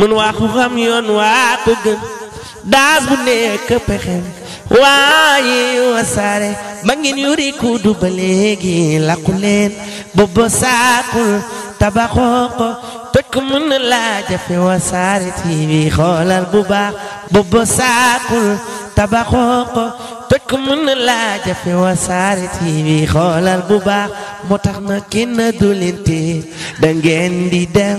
mën waa ku xam yoon waa ko gën daas bu nekk pexem waaye wasaare ba ngeen yuri ku du ba léegi làqu leen booba saakul tabaxoo ko mën na laa jafe wasaare TV xoolal bu baax saakul tabaxoo ko toj ko mën na laa jafe Wassare TV xoolal bu baax moo tax na kenn du leen tee da ngeen di dem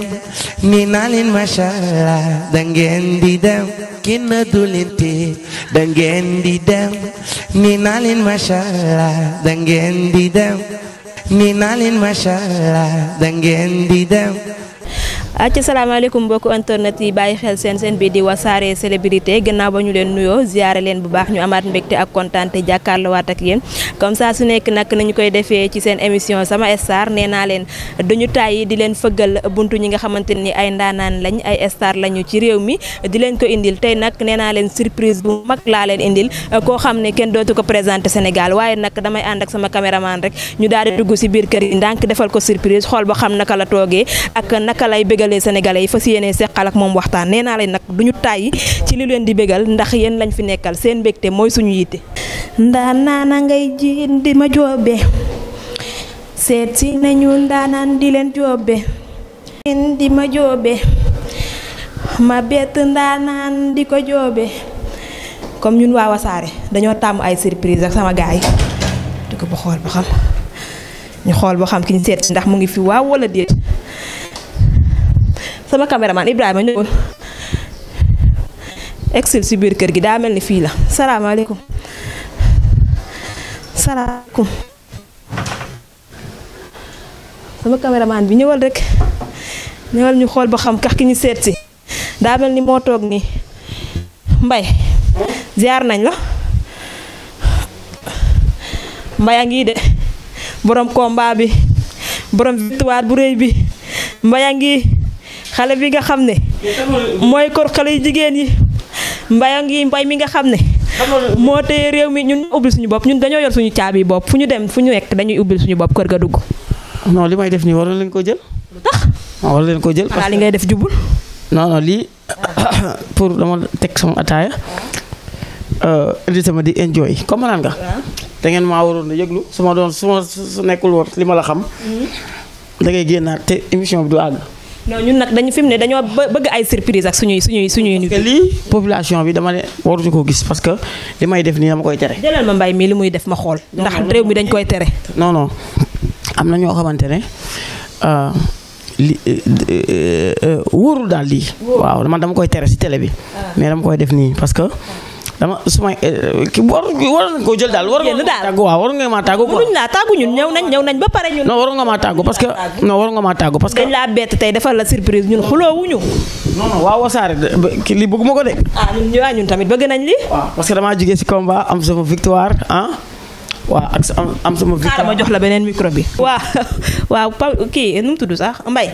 ni naa leen macha allah da ngeen di dem kenn du leen tee da ngeen di dem ni naa leen macha allah da ngeen di dem ni naa leen macha allah da ngeen di dem acca ah, salaamaaleykum mbokku internet yi bàyyi xel seen seen bi di wasaare célébrité gannaaw ba ñu leen nuyoo ziyaare leen bu baax ñu amaat mbégte ak kontaante jàkkaarloowaat ak yéen comme ça su nekk nag ñu koy defee ci seen émission sama star nee naa leen duñu tàyyi di leen fëggal buntu ñi nga xamante ni ay ndaanaan lañ ay star lañu ci réew mi di leen ko indil tey nag nee naa leen surprise bu mag laa leen indil koo xam ne kenn dootu ko présenté Sénégal waaye nag damay ànd ak sama caméraman rek ñu daal di dugg si biir kër yi ndànk defal ko surprise xool ba xam naka la toogee ak naka lay bëgg bégalee sénégalais yi fas yéene seqal ak moom waxtaan nee naa leen ci li leen di bégal ndax yéen lañ fi nekkal seen mbégte mooy suñu yitte naana ngay ji di ma joobe si nañu ndaanaan di leen joobe di ma joobe ma bett di ko joobe comme ñun waa wasaare dañoo tàmm ay surprise ak sama gaay di ko xool ba xam ñu xool ba xam ki ñu seet ndax mu ngi fi waaw wala déet sama kameraman ibrahim ñëwoon Excel si biir kër gi daa mel ni fii la salaamaaleykum sama kameraman bi ñewal rek ñewal ñu xol ba xam kax ki ñu da melni mo tok ni mbay ziar nañ la mbay de borom combat bi borom victoire bu reuy bi mbay xalé bi nga xamné moy kor xalé jigen yi mbaya mbay mi nga xamné mo tey rew mi ñun ubbil suñu bop ñun dañoo yor suñu caabi bop fuñu dem fuñu ñu dañuy ubbil suñu bop kër ga dugg non limay def ni waral lañ ko jël tax waral lañ ko jël que li ngay def jubul non non li pour dama son sama euh indi sama di enjoy comme nan nga da ngeen ma waroon a yeglu suma ma suma nekul wor lima la xam mm-hmm. da ngay te emission bi du ag non ñun nag dañu fi mu ne dañoo bëgg ay surprise ak suñuy suñuy suñuy nit. parce bi dama ne waruñu ko gis parce que li may def nii dama koy tere. jëlal ma mbay mi li muy def ma xool. ndax réew mi dañ koy tere. non non am na ñoo xamante ne. Euh, li euh, euh, wóorul daal lii. waaw man dama koy tere si télé bi. Ah. mais dama koy def nii parce que. dama sumay eh, ki war war ko jël dal war nga tagu war nga ma tagu ko buñ la tagu ñun ñew nañ ñew nañ ba paré ñun non war nga ma tagu parce que non war nga ma tagu parce que dañ la bête tay defal la surprise ñun xulowuñu non non wa wasare ki li bëgguma ko de ah ñun ñu ya, ñun tamit bëgg nañ li parce que dama jigé ci combat am sama victoire hein ah? waaw ak am sama victoire ma jox la benen micro bi waaw waaw ki num tuddu sax ah, mbay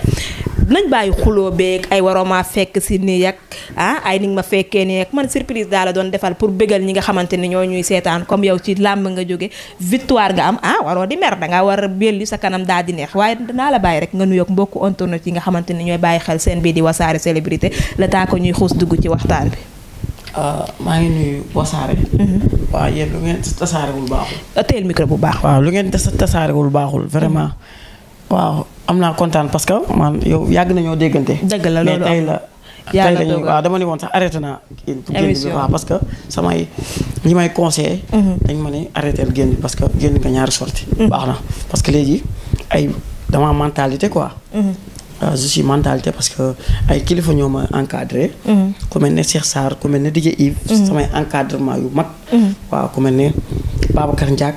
nañ bàyyi xuloo beeg ay waroo maa fekk si nii ak ah ay ni nga ma fekkee nii ak man surprise daa la doon defal pour bégal ñi nga xamante ni ñoo ñuy seetaan comme yow ci làmb nga jóge victoire nga am ah waroo di mer dangaa war a belli sa kanam daal di neex waaye danaa la bàyyi rek nga nuyoog mbokku internet yi nga xamante ni ñooy bàyyi xel seen bii di wasaare célébrité la taa que ñuy xuus dugg ci waxtaan bi. Ah, maa ngi nuyu wasaare. Mhm. waaw yéen lu ngeen tasaarewul baaxul. bu baax. waaw lu ngeen tasaarewul baaxul vraiment. Mhm. waaw am naa kontaan parce que man yow yàgg nañoo déggante. dëgg la loolu mais tey la. tey lañu waaw dama ne woon sax arrêté naa. émission génn parce que samay li may conseillé. Mhm. dañ ma ne arrêté génn parce que génn nga ñaari sorti mhm. baax na parce que léegi ay dama mentalité quoi. Mhm. Euh, je suis mentalité parce que ay kilifa ñoo a encadré. Mhm. ku mel ne Cheikh Sarr ku mel ne DJ Yves. Mhm. samay encadrement yu mag. Mhm. waaw ku mel ne Babacar Ndiak.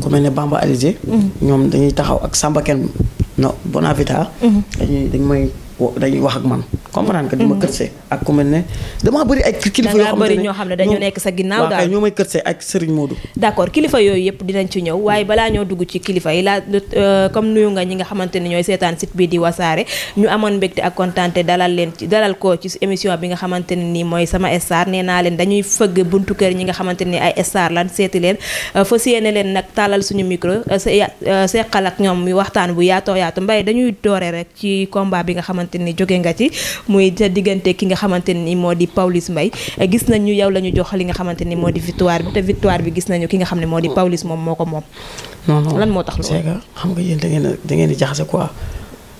ku mel ne Bamba Alizé. ñoom dañuy taxaw ak Samba Ken no Bonavita. dañuy dañ may. dañuy wax ak man comprendre que di mhm. ay kilifa yooyu yëpp dinañ ci ñëw waaye balaa ñoo dugg ci kilifa yi laa euh, comme nuyu nga ñi nga xamante ñooy seetaan site bi di wasaare ñu amoon mbégte ak kontaante dalal leen ci dalal ko ci émission bi nga xamante ne mooy sama star nee leen dañuy fëgg buntu kër ñi nga xamante ay star lan seeti leen euh, fas yéene leen nag tàllal suñu micro euh, seqal ak ñoom waxtaan bu yaatoo yaatu mbay dañuy doore rek ci combat xamante ni jóge nga ci muy sa diggante ki nga xamante ni moo di Pawlish Mbaye gis nañu yow la ñu jox li nga xamante ni moo di victoire bi te victoire bi gis nañu ki nga xam ne moo di Pawlish moom moo ko moom. non non lan moo tax loolu. xam nga yéen da ngeen da ngeen di jaxase quoi.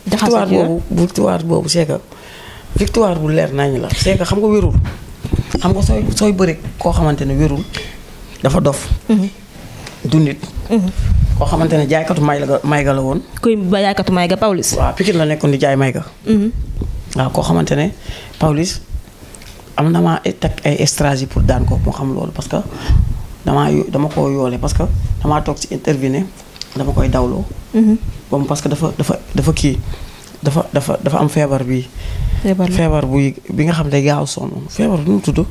jaxase victoire boobu victoire boobu c'est que victoire bu leer nañ la. c'est que xam nga wérul xam nga sooy sooy bëri koo xamante ne wérul dafa dof. Mhm. du koo xamante ne jaaykatu may la may ga la woon. kuy ba jaaykatu may ga Pawlish. waaw Pikine la nekkoon di jaay may ga. Mhm. waaw koo xamante ne Pawlish am na maa teg ay stratégie pour daan ko moo xam loolu parce que damaa dama koo yoole parce que damaa toog ci intervenir dama koy dawloo. Mhm. boobu parce que dafa dafa dafa kii dafa dafa dafa am feebar bi feebar buy bi nga xam ne gaaw sonn feebar bi nu mu tudd.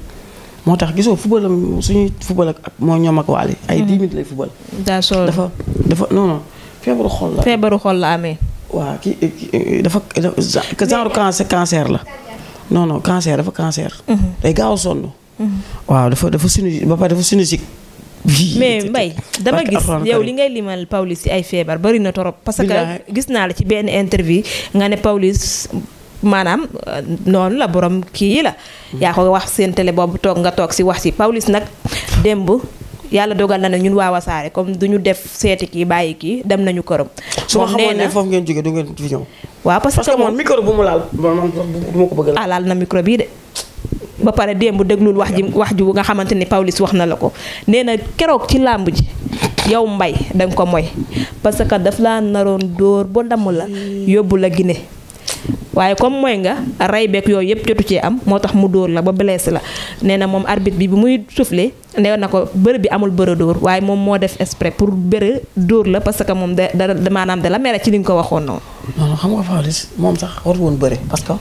moo tax gisoo football am suñuy football ak moo ñoom ak waale ay 10 mhm. minutes lay football. daa dafa dafa non non feebaru xol la. feebaru amee. waaw kii dafa genre cancer cancer la non cancer dafa cancer. Mhm. day gaaw a sonn. Mhm. waaw dafa dafa sunu ba pare dafa sunu mais Mbaye dama gis yow li ngay limal Pawlish ci ay feebar bari na torop parce que gis naa la ci benn interview nga ne Pawlish maanaam euh, noonu la borom kii yi la. Mm-hmm. yaa ko wax seen télé boobu toog nga toog si wax si pawlis nag démb yàlla dogal na ne ñun waa wasaare comme du ñu def seeti kii bàyyi kii dem nañu këram. su ma xamoon ne foofu ngeen jógee du ngeen fi ñëw. waaw parce que parce que man micro bu mu laal man bëgg a ah, na micro bii de. ba pare démb déglul wax ji wax ju nga xamante ni Pawlish wax na la ko nee na keroog ci làmb ji yow mbay danga ko moy parce que daf laa naroon dóor ba ndamu la mm. yóbbu la Guinée. waaye comme mooy nga rey beeg yooyu yëpp jotu cee am moo tax mu dóor la ba blessé la nee na moom arbitre bi bu muy soufflé nee na ko bërë bi amul bërë dóor waaye moom moo def exprès pour bërë dóor la parce que moom da da maanaam da la mere ci li nga ko waxoon noonu. non xam nga Pawlish moom sax woon bëri parce que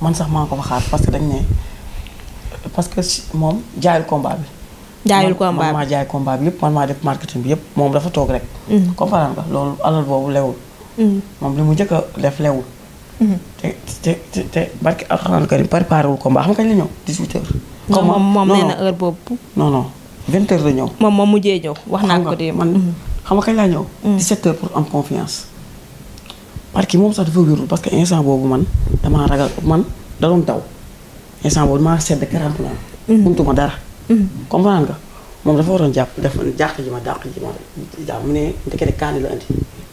man sax maa ko fa parce que dañ ne parce que moom jaayul combat bi. jaayul combat bi man maa jaay combat bi yëpp man maa def marketing yëpp moom dafa toog rek. Mm. comprendre nga loolu alal boobu lewul. Mm. moom li mu njëkk def lewul. te te te te barki alxuraan karim préparé wul combat xam nga kañ la ñëw 18h. non moom moom nee na heure boobu. non non 20h la ñëw. moom moom mujjee ñëw wax naa ko de man. Mm-hmm. xam nga kañ laa ñëw. 17 mm. pour am confiance. parce moom sax dafa wérul parce que instant boobu man damaa ragal man da doon daw instant boobu damaa sedd 40 ans. buntuma dafa waroon jàpp def jàq ji ma dàq ji ma kaani la andi.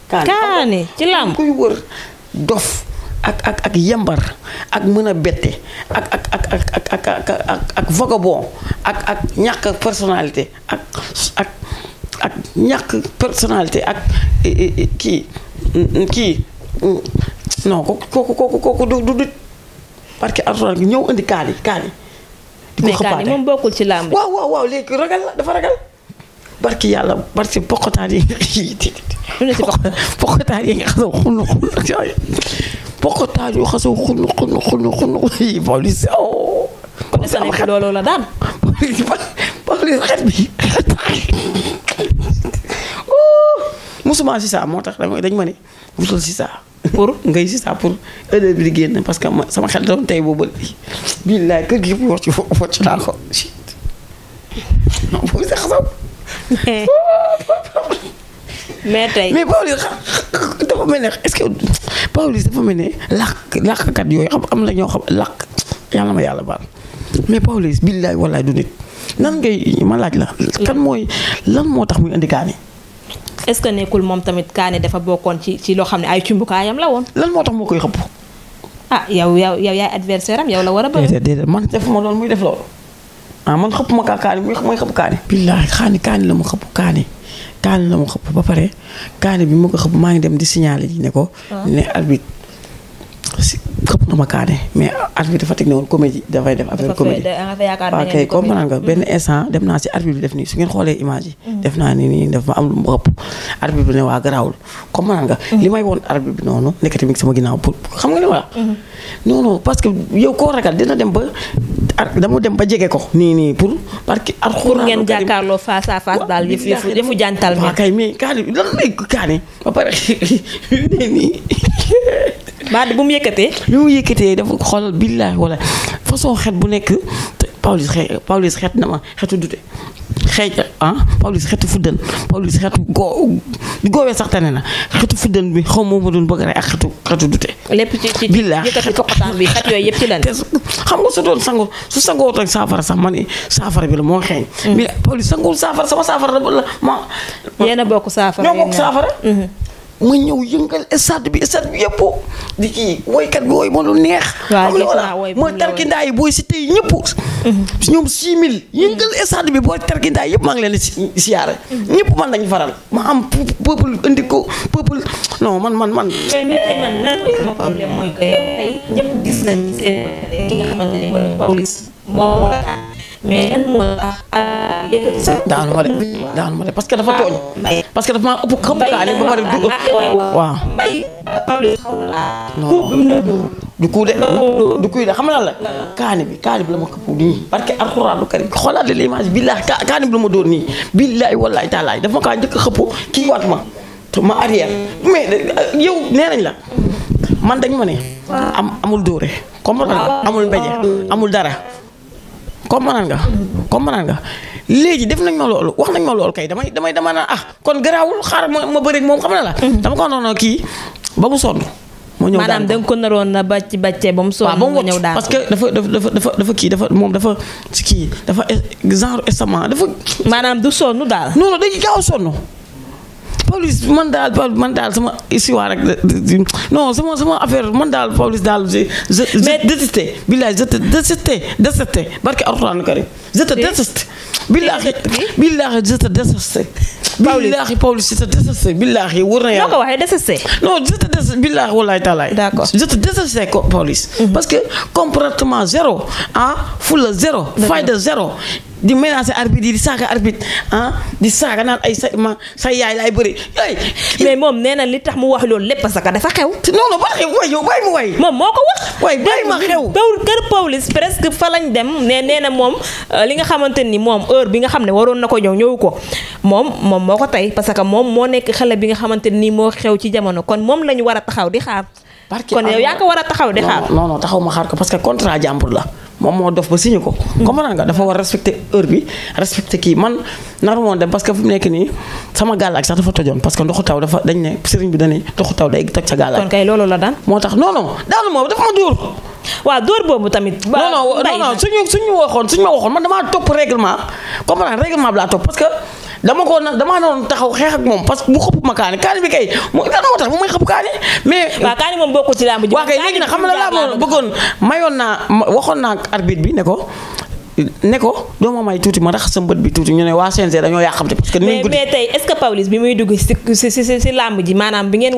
kaani ci làmb kuy wër dof. ak ak ak yambar ak mën a bette ak ak ak ak ak ak ak vagabond ak ak ñàkk personnalité ak ak ñàkk personnalité ak kii kii non kooku kooku kooku du du nit parce que alxuraan ñëw indi kaal yi kaal yi. moom bokkul ci làmb. waaw waaw léegi ragal la dafa ragal. barki yàlla barki bokkotaan yi nga xii di. lu ne si bokkotaan yi nga xam ne xul xul ak yooyu. pour xasaw xun xun xun xun Pawlish oh. Pawlish am xet loolu la daan. Pawlish Pawlish xet bi musuma moo tax dañ ma ne wutal si saa pour ngay si saa pour heure bi di génn parce que sama xel doon tey boobu bi billaay kër gi yëpp war ci war ci naa ko mais tey mais Pawlish dafa mel ne est-ce que Pawlish dafa yooyu xam am na ñoo xam làkk yàlla ma yàlla baal mais Pawlish billaay wallaay du nit nan ngay ma laaj la. kan mooy lan moo tax muy indi kaani. est-ce que nekkul moom tamit kaani dafa bokkoon ci ci loo xam ne ay cumbukaayam la woon. lan moo tax moo koy xëpp. ah yow yow yow yaay adversaire am yow la war a bëgg. déedéet eh, déedéet man defuma loolu muy def loolu. ah man xëpp ma kaa kaani muy mooy xëpp kaani. billaay xaani kaani la ma xëpp kaani. kaani la mu xëpp ba pare kaani bi mu ko xëpp maa ngi dem di signaler ji ne ko. Ah. ne arbitre këpp na ma kaane mais arbitre dafa teg ne komedi, comédie dafay def affaire comédie waaw kay comprendre nga benn instant dem naa si arbitre bi def nii su ngeen xoolee image yi mm. def naa ni nii daf ma am lu mu xëpp arbitre bi ne waa garaawul comprendre nga mm. li may woon arbitre bi noonu nekkati mi ngi sama ginnaaw pour xam nga li ma la mm-hmm. non non parce que yow koo ragal dina dem ba dama dem ba jege ko nii nii pour parce que ar ngeen jàkkaarloo face à face daal yëf yëfu yëfu jàntal mi kay mais kaani lan lay kaani ba pare nii nii baa bu mu yëkkatee bi mu yëkkatee dafa xoolal billaahi wala façon xet bu nekk Pawlish xee Pawlish xet na ma xetu dute xeej ah Pawlish xetu fuddan Pawlish xetu goo goowee sax tane na xetu fuddan bi xaw moo ma doon bëgg rek ak xetu xetu dute lépp bi xet yooyu yëpp ci lan xam nga su doon sango su sangoo tak saafara sax ma ne saafara bi la moo xeeñ mm. bi Pawlish sangool saafara sama saafara la ma yéen bokk saafara ñoo bokk saafara mm-hmm. ma ñëw yëngal stade bi stade bi yëpp di kii woykat bi wooy ma lu neex. waaw gis naa wooy ma tarkindaa yi booy si tey ñëpp. Mhm. ñoom 6000. yëngal stade bi booy tarkindaa yëpp maa ngi leen di siyaare. Mhm. ñëpp man lañu faral ma am peuple indi ko peuple non man man man. mais nit ki man mais euh, de euh, daanu de parce que dafa tooñ. parce que dafa maa ëpp xamukaale ba pare du coup de xam nga la kaani bi kaani bi la ma këpp nii parce que alxuraan karim xoolaat la l'image billaahi kaani bi la ma dóor nii billaahi wallaahi taalaahi dafa ma kaa njëkk a xëpp kii waat ma te ma arrière mais euh, yow nee la man dañ ma ne. am amul dóore. comme amul mbeje amul dara. comprendre nga. comprendre nga léegi def nañ ma loolu wax nañ ma loolu kay damay damay dama naan ah kon garaawul xaaral ma ma bëreeg moom xam na la. Mm. dama ko noonu kii ba mu sonn. mu ñëw maanaam da nga ko naroon na bàcc bàccee ba mu sonn mu ñëw daal parce que dafa dafa dafa dafa kii dafa moom dafa kii dafa genre estament dafa. maanaam du sonn daal. noonu non dañuy gaaw a sonn. police man man mandat sama non sama sama affaire police je je détesté je détesté détesté barke alcorane karim je détesté je détesté police je te détesté wourna détesté non je détesté d'accord je détesté police mhm. parce que comportement zéro à ah, foule zéro de zéro di menacer arbitre yi di saaga arbitre ah di saaga naan ay sa ma sa yaay laay bëri ay. mais moom nee na li tax mu wax loolu lépp parce que dafa xew. non non ba xew waay yow moom moo ko wax. waay bàyyi ma xew kër Pawlish presque fa lañ dem ne nee na moom euh, li nga xamante ni moom heure bi nga xam ne waroon na ko ñëw ñëw ko moom moom moo ko tey parce que moom moo nekk xale bi nga xamante ni moo xew ci jamono kon moom la ñu war a taxaw di xaar. kon yow yaa ko war a taxaw di xaar. non non taxaw ma xaar ko parce que contrat jàmbur la. moom moo dof ba signé ko. comprendre nga dafa war respecter heure bi respecter kii man naru woon dem parce fu mu nekk nii sama gàllaaj sax dafa tojoon parce que ndoxu taw dafa dañ ne sëriñ bi dañ ne ndoxu taw day toj sa gàllaaj. kon loolu la daan. moo tax non daanu moom dafa ma dóor. waaw dóor boobu tamit. ba non suñu suñu waxoon suñu ma waxoon man damaa topp règlement comprendre règlement bi laa topp parce dama ko dama doon taxaw xeex ak moom parce que bu xëpp ma kaani kaani bi kay moo tax mu xam nga la mayoon naa waxoon naa bi ne ko ne ko doo ma may tuuti ma rax sa mbët bi tuuti ñu ne waa CNG dañoo yàqamte parce que mais mais tey est-ce que Pawlish bi muy dugg si si si si làmb ji maanaam bi ngeen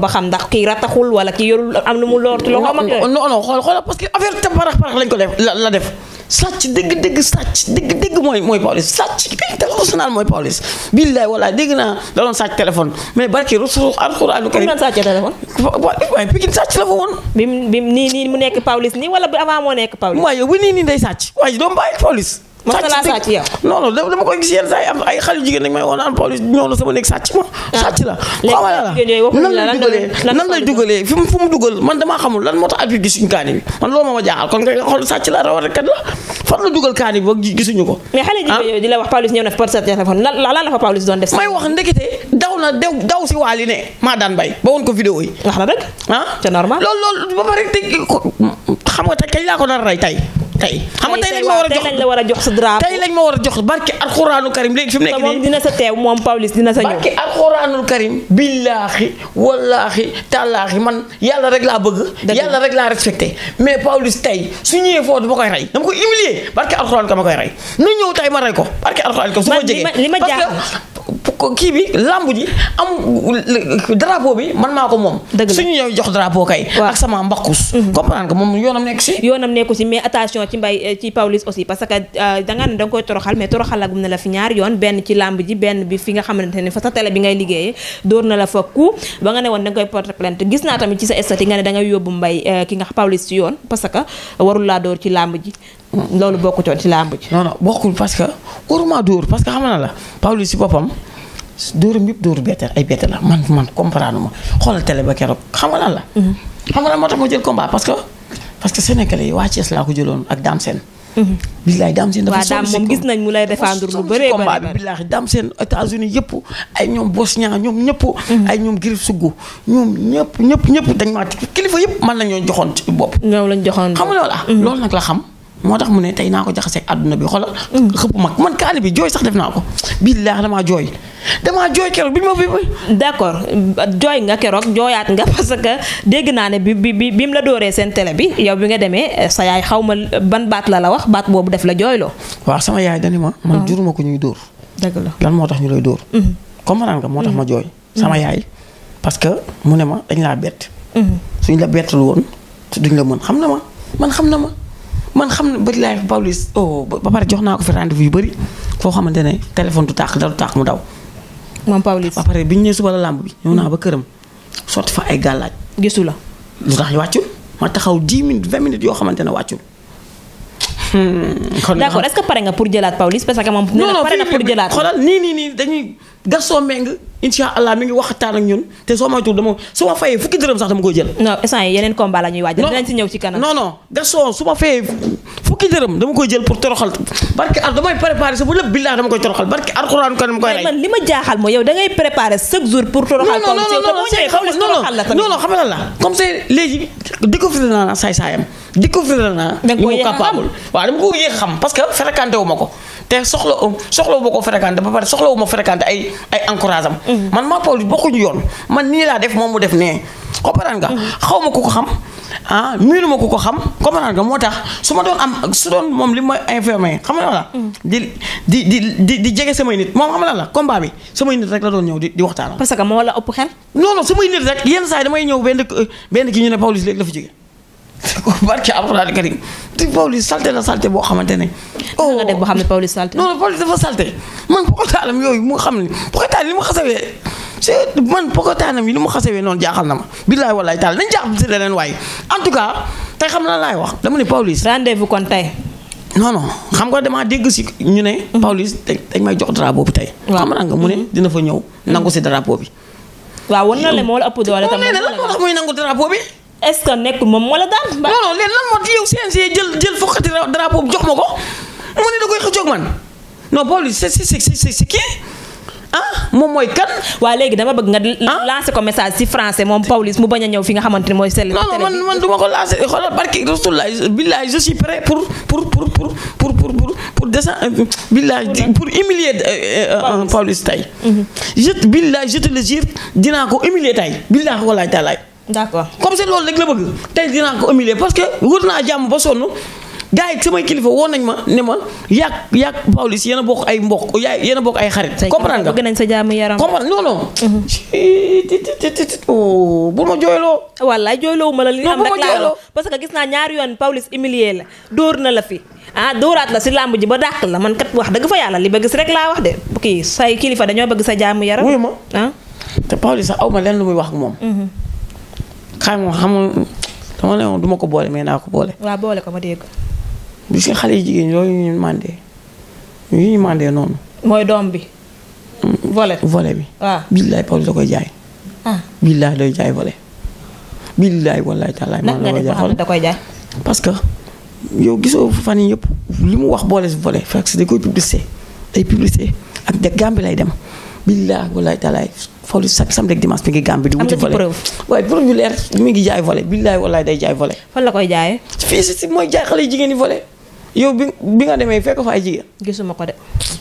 ba xam ndax kii rataxul wala kii yorul am lu mu loortu. loxo mag non non xool xool parce que affaire parax parax lañ ko def la def. sàcc dëgg-dëgg sàcc dëgg-dëgg mooy mooy Pawlish sàcc kay téléphone sonal mooy Pawlish. billaay walaay dégg naa da doon sàcc téléphone mais barki Rasuul alxuraan karim mu doon sàcc téléphone. waaye Pikine sàcc la fa woon. bi mu nii nii mu nekk Pawlish nii wala bi avant moo nekk Pawlish. waaye yow bu nii nii day sàcc waaye doo bàyyi Pawlish. sàcc bi mos na laa sàcc yow. non non dama ko gis yenn saa am ay xale jigéen dañu may woo ma. Ah. sàcc la xawala la nan lan moo tax at bi gisuñu kaani bi man loolu moo ma jaaxal kaani bi ba gisuñu ko. mais xale ah? la wax Pawlish ñëw na fa par sa téléphone lan lan la fa Pawlish doon def. may daw na dew maa daan bay ba woon ko vidéo yi. wax na dëgg. ah c'est normal loolu loolu ba pare xam nga te kañ laa ko nar a tey tey xam nga tey lañ ma war a jox tey a jox sa drapeau tey lañ ma war a jox barki alxuraanul karim léegi fi mu nekk nii dina sa teew moom Pawlish dina sa ñëw barki alxuraanul karim billaahi wallaahi tàllaahi man yàlla rek laa bëgg yàlla rek laa respecté mais Pawlish tey su ñëwee foofu dama koy rey dama koy humilier barki alxuraan ka ma koy rey na ñëw tey ma rey ko barki alxuraan ka su ma jegee parce que kii bi lamb ji am drapeau bi man maa ko moom. suñu ñëw jox drapeau kay. ak sama mbakkus. Mhm. comprendre nga moom yoonam nekku si. yoonam nekku si mais attention ci mbay ci Pawlish aussi parce que euh, da nga ne da nga koy toroxal mais na la fi ñaar yoon benn ci lamb ji benn bi fi nga xamante ne fa sa télé bi ngay liggéeyee dóor na la fa ku ba nga ne woon da nga koy porter plainte gis naa tamit ci sa nga ne da ngay yóbbu mbay euh, ki nga Pawlish si yoon parce que warul laa door ci lamb ji. Mm. loolu bokkutoon ci lamb ji. non non bokkul parce que waruma dóor parce que xam la Pawlish si boppam. dóoram yëpp dóoru bette ay bette la man man comprendre ma xoolal télé ba keroog xam nga lan la. Mhm. xam nga lan moo tax ma jël combat parce que parce que yi waa Thiès laa ko jëloon ak Dame Sène. Mhm. billaay Dame Sène dafa sonn si moom bi billaay Dame Sène États-Unis yëpp ay ñoom Bosnia ñoom ñëpp. Mhm. ay ñoom Griff Sougou ñoom ñëpp ñëpp ñëpp dañ maa kilifa yëpp man la joxoon bopp. ñoom lañ joxoon xam nga loolu nag la xam. moo tax mu ne tey naa ko jaxasee àdduna bi xoolal. xëpp mag man kaani bi jooy sax def naa ko. billaahi damaa jooy damaa jooy keroog bi ma bi d' accord jooy nga keroog jooyaat nga parce que dégg naa ne bi bi bi mu la dooree seen télé bi yow bi nga demee eh, sa yaay xaw ma ban baat la la wax baat boobu def la jooyloo. waaw sama yaay dani ma. man ah. juruma ko ñuy dóor. dëgg la lan moo tax ñu lay dóor. Mhm. comprendre nga moo tax ma mhm. jooy. sama mhm. yaay parce que mu ne ma dañ laa bett. suñ la bettul woon duñ la mën xam na ma man xam na ma. man xam na bëri laay Pawlish oh ba pare jox naa ko fi rendez yu bëri foo xamante ne téléphone du tàq dara du tàq mu daw. moom Pawlish ba pare bi ñu nee suba la làmb bi. ñoo naa ba mm. këram sotti fa ay gàllaaj. gisu la. lu tax wàccul ma taxaw 10 minutes 20 minutes yoo xamante ne wàccul. Hmm, kon d'accord est-ce que pare nga pour jëlaat Pawlish parce que moom. nee nii nii dañuy. Gaston Mbengue incha allah mi ngi waxtaan ak ñun te soo moytuwul dama su ma fayee fukki dërëm sax dama koy jël. non instant yii yeneen combat la ñuy waaj. dinañ ci ñëw ci kanam non non Gaston su ma ko dama koy pour. toroxal comme si non non non xam nga la comme c'est léegi découvrir naa saay saayam découvrir naa. da nga a xam li mu capable waaw dama ko yéex xam parce que fréquenté ko te soxla soxla wu ma ko fréquenté ba pare soxla wu ma fréquenté ay ay encourage am mm-hmm. man maa Pawlish bokkuñu yoon man nii laa def moom mu def nee comprendre nga mm-hmm. xaw ma ku ko xam ah miinu ma ku ko xam comprendre nga moo tax su ma doon am su doon moom li ma informé xam nga la mm-hmm. di di di di di jege samay nit moom xam nga la combat bi samay nit rek la doon ñëw di di waxtaan parce que moo la ëpp xel non non samay nit rek yenn saa yi damay ñëw benn benn ki ñu ne Pawlish léegi la fa jóge barke alxuraan karim te Pawlish salté la salté boo xamante ne. oh nga def boo xam ne Pawlish salté. non non Pawlish dafa salté man pokotaanam yooyu mu xam ne pokotaan li mu na ma. billaay wallaay taal nañ jaaxal si leneen waaye en tout cas tey xam lan laay wax dama ne Pawlish. nga damaa dégg si ñu ne. Mhm. Pawlish dañ may jox drapeau bi tey. waaw xam nga mu ne mhm. dina fa ñëw nangu na le moo la ëpp doole tamit. moo ne la moo tax muy nangu drapeau bi. est-ce que nekkul moom moo la daan. non non non lan mo di yow CNG jël jël foqati drapeau jox ma ko mu ne man non c'est c'est c'est qui ah mom moy kan. wa legui dama bëgg nga. Ah? lancer ko message ci français mom mu baña a fi nga xamanteni moy non non man man ko lancer barki Rasulullah billahi je suis prêt pour pour pour pour pour pour pour pour euh, pour humilier euh, euh, paulis tay mhm. je billahi je te le jure dina ko humilier tay billahi wallahi tay d'accord comme c'est loolu rek la bëgg tey dinaa ko humilier parce que wër naa jàmm ba sonn gars yi samay kilifa woon nañ ma ne ma yàq yàgg Pawlish yéen a bokk ay mbokk yéen a bokk ay xarit. comprendre nga bëgg nañ sa jàmm yaram. comprendre non non. Mhm. Oh, bu ma jooyloo. wallaay jooyloo ma la li am rek laa parce que gis naa ñaari yoon Pawlish humilier la dóor na la fi. ah dóoraat la si làmb ji ba dàq la man kat wax dëgg fa yàlla li ba gis rek laa wax de kii say kilifa dañoo bëgg sa jàmm yaram. wuyu ma ah. te Pawlish aw ma lenn lu muy wax moom. Mhm. xaalis moom xam nga dama ne woon du ko boole mais naa ko boole. waaw boole ko ma dégg. bi si xale yi jigéen yooyu ñu mandé ñu ñu mandé noonu. mooy doom bi. volet mm. volet bi. waaw billaay Pawlish da koy jaay. ah billaay day jaay volet. billaay wallaay taalaay. man la koy jaay da koy jaay. parce que yow gisoo fan yii yëpp li mu wax boole si volet fekk si da koy publicité day publicité ak de Gàmbi lay dem billaay wallaay taalaay. Fawzi chaque sam rek dimanche mi ngi gambi am na ci preuve pour ñu leer mi ngi jaay volé billahi wallahi day jaay volé fa la koy jaay fi ci moy jaay xalé jigéen ñi volet yow bi nga démé fekk fa ay jigéen. gisuma ko de.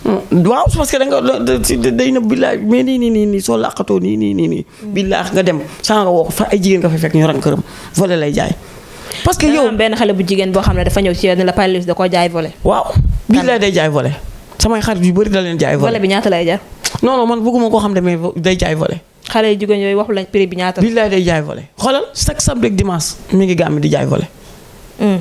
Hmm, waaw parce que da nga day na billahi mais ni ni ni so laqato ni ni ni hmm. billahi nga dem saa nga woo fa ay jigéen nga fa fekk ñu ran kërëm volé lay jaay. parce que yow ben xalé bu jigéen bo xamné ne dafa ñew ci yow la paralyse da ko jaay volé waaw billahi day jaay volé sama xarit yu bari da len jaay volé volé bi ñaata lay jaay non non man bëgguma koo xam ne mais day jaay volet. xale yu jigéen yooyu waxul lañ prix bi ñaata. billaay day jaay volet xoolal chaque samedi ak dimanche mi ngi gàmm di jaay volet. Mm.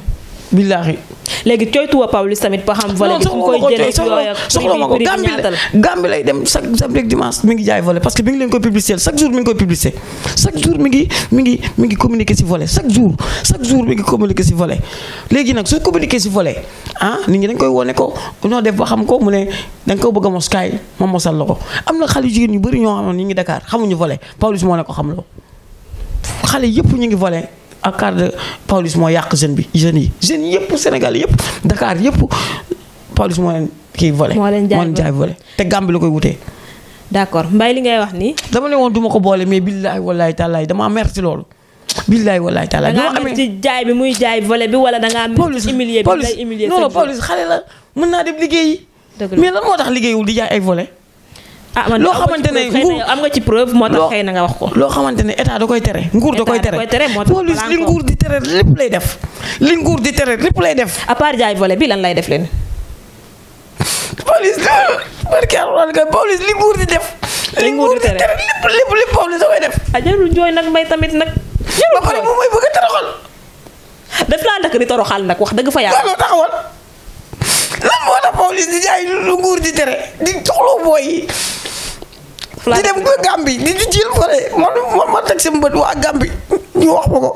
billaahi léegi cooytuwa Pawlish tamit ba xam volet bi fu koy jëlee soxla ma ko Gambie la Gambie lay dem chaque samedi ak dimanche mi ngi jaay volet parce que mi ngi leen koy publicité chaque jour mi ngi koy publicité chaque jour mi ngi mi ngi mi ngi communiqué si volet chaque jour chaque ngi communiqué si volet léegi nag su communiqué si volet ah nit ñi dañ koy wone ko ñoo def ba xam ko mu ne da nga ko bëgg a mos kaay ma mosal la ko am na xale yu jigéen ñu bëri ñoo xam ne ñu ngi Dakar xamuñu volet Pawlish Dakar de Pawlish moo yàq jeune bi jeunes yi jeunes yëpp Sénégal yëpp Dakar yëpp Pawlish moo leen kii volé. moo leen jaay volé te Gàmbi la koy wutee. d'accord mbay li ngay wax nii. dama ne woon duma ko boole mais billaay wallaay tallaay damaa mer ci loolu. billaay wallaay tallaay. da ngaa ci jaay bi muy jaay volé bi wala da ngaa. Pawlish humilier bi day humilier non non Pawlish xale la mën naa dem liggéeyi. mais lan moo tax liggéeyul di jaay ay Ah, loo xamante ne nguur am nga ci preuve moo tax xëy na nga wax ko. loo xamante ne état da koy tere. nguur da koy tere police li nguur di lépp lay def. li nguur di tere lépp lay def. à part jaay volet bi lan def leen. police barke alxuraan kay police li di def. li nguur di lépp lépp lépp police da koy def. ah jarul jooy nag may tamit nag. jarul jooy ba pare moom mooy bëgg a toroxal. daf laa ndakk di toroxal nag wax dëgg fa yàlla. lan moo tax Pawlish di jaay lu nguur di tere di soxloo booy yi di dem ba Gàmbi di di jël fële man ma teg sama bët waa Gàmbi ñu wax ma ko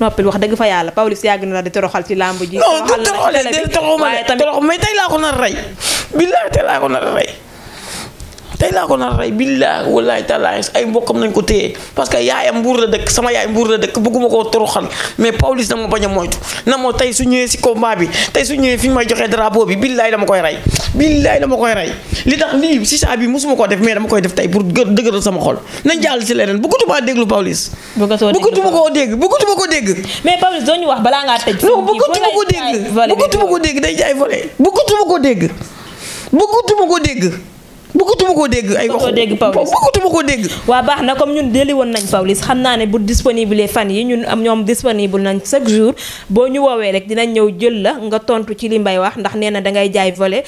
noppil wax dëgg fa yàlla Pawlish yàgg na di toroxal ci làmb ji non toroxale de toroxuma de toroxuma tey laa ko nar a rey billaahi tey laa ko nar a rey tey laa ko nar a rey billaahi wallaahi taalaa ay mbokkam nañ ko téye parce que yaayam mbuur la dëkk sama yaay mbuur la dëkk bëgguma koo toroxal mais Pawlish na ma bañ a moytu na ma tey su si combat bi tey su ñëwee fi ñu may joxee drapeau bi billaahi dama koy rey billaahi dama koy rey li tax lii si saa mosuma koo def mais dama koy def tey pour dëgëral sama xol nañ jàll si leneen bëggatuma déglu Pawlish. bëggatuma koo dégg bëggatuma koo dégg. mais Pawlish doo ñu wax balaa ngaa tëj. non bëggatuma koo dégg bëggatuma koo dégg day jaay volé bëggatuma koo dégg bëggatuma koo dégg bëggatuma koo dégg ay waxu dégg Pawlish bëggatuma koo dégg waa baax na comme ñun deli woon nañ Pawlish xam naa ne bu disponible fan yi ñun am ñoom disponible nañ chaque jour boo ñu woowee rek dinañ ñëw jël la nga tontu ci li mbay wax ndax nee na dangay jaay volet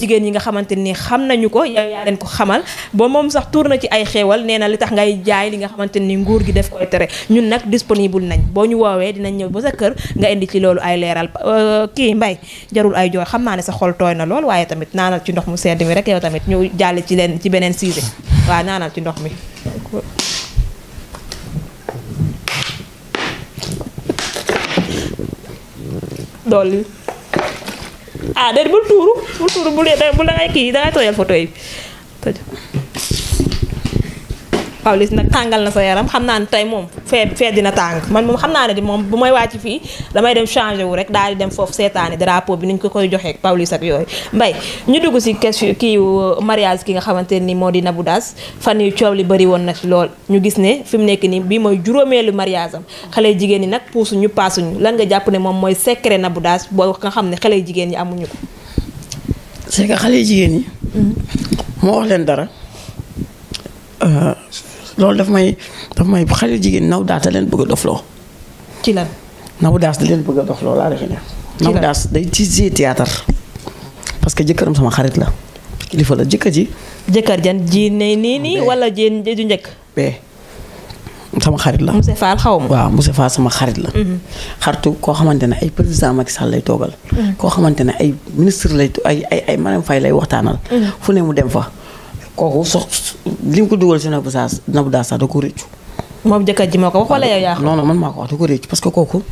jigéen yi nga xamante ni xam nañu ko yow ko xamal ba moom sax tuur na ci ay xéewal nee na li tax ngay jaay li nga xamante ni nguur gi def koy tere ñun nag disponible nañ boo ñu woowee dinañ ñëw ba sa kër nga indi ci loolu ay leeral euh, kii mbay jarul ay joor xam naa ne sa xol tooy na lool waaye tamit naanal ci ndox mu sedd mi rek yow tamit ñu jàll ci leen ci beneen sujet waaw naanal ci ndox mi dolli ah déedéet bul tuuru bul tuuru bul da kii da ngay tooyal photo yi Pawlish nag tàngal na sa yaram xam naa ne tey moom fee fee dina tàng man moom xam naa ne di moom bu may wàcc fii damay dem changé wu rek daal di dem foofu seetaani drapeau bi ni ñu ko koy joxee Pawlish ak yooyu mbay ñu dugg si question kii uh, mariage ki nga xamante ni moo di Nabou Dash fan yu coow li bari woon na ci lool ñu gis ne fi mu nekk nii bii mooy juróomeelu mariage am xale jigéen ñi nag puusuñu paasuñu lan nga jàpp ne moom mooy secret Nabou Dash boo nga xam ne xale jigéen ñi amuñu jigéen ñi mm-hmm. moo dara euh, loolu daf may daf may xale jigéen naw da leen bëgg a dofloo. ci lan. naw da leen bëgg a dofloo laa defe ne. naw daas day ci théâtre parce jëkkëram sama xarit la. kilifa la jëkkër ji. jëkkër jan ji ne nii nii wala jéen ju njëkk. bee sama xarit la. monsieur Fall xaw ma sama xarit la. Mhm. xaritu koo xamante ne ay président Macky Sall lay toogal. Mhm. koo xamante ne ministre lay ay ay ay lay waxtaanal. Mhm. fu ne mu dem fa. kooku sox li mu ko dugal si Nabou Daas Nabou Daas sax da ko rëccu. moom jëkkër ji moo ko wax wala yow yaa ko. man maa ko wax da ko rëccu parce que kooku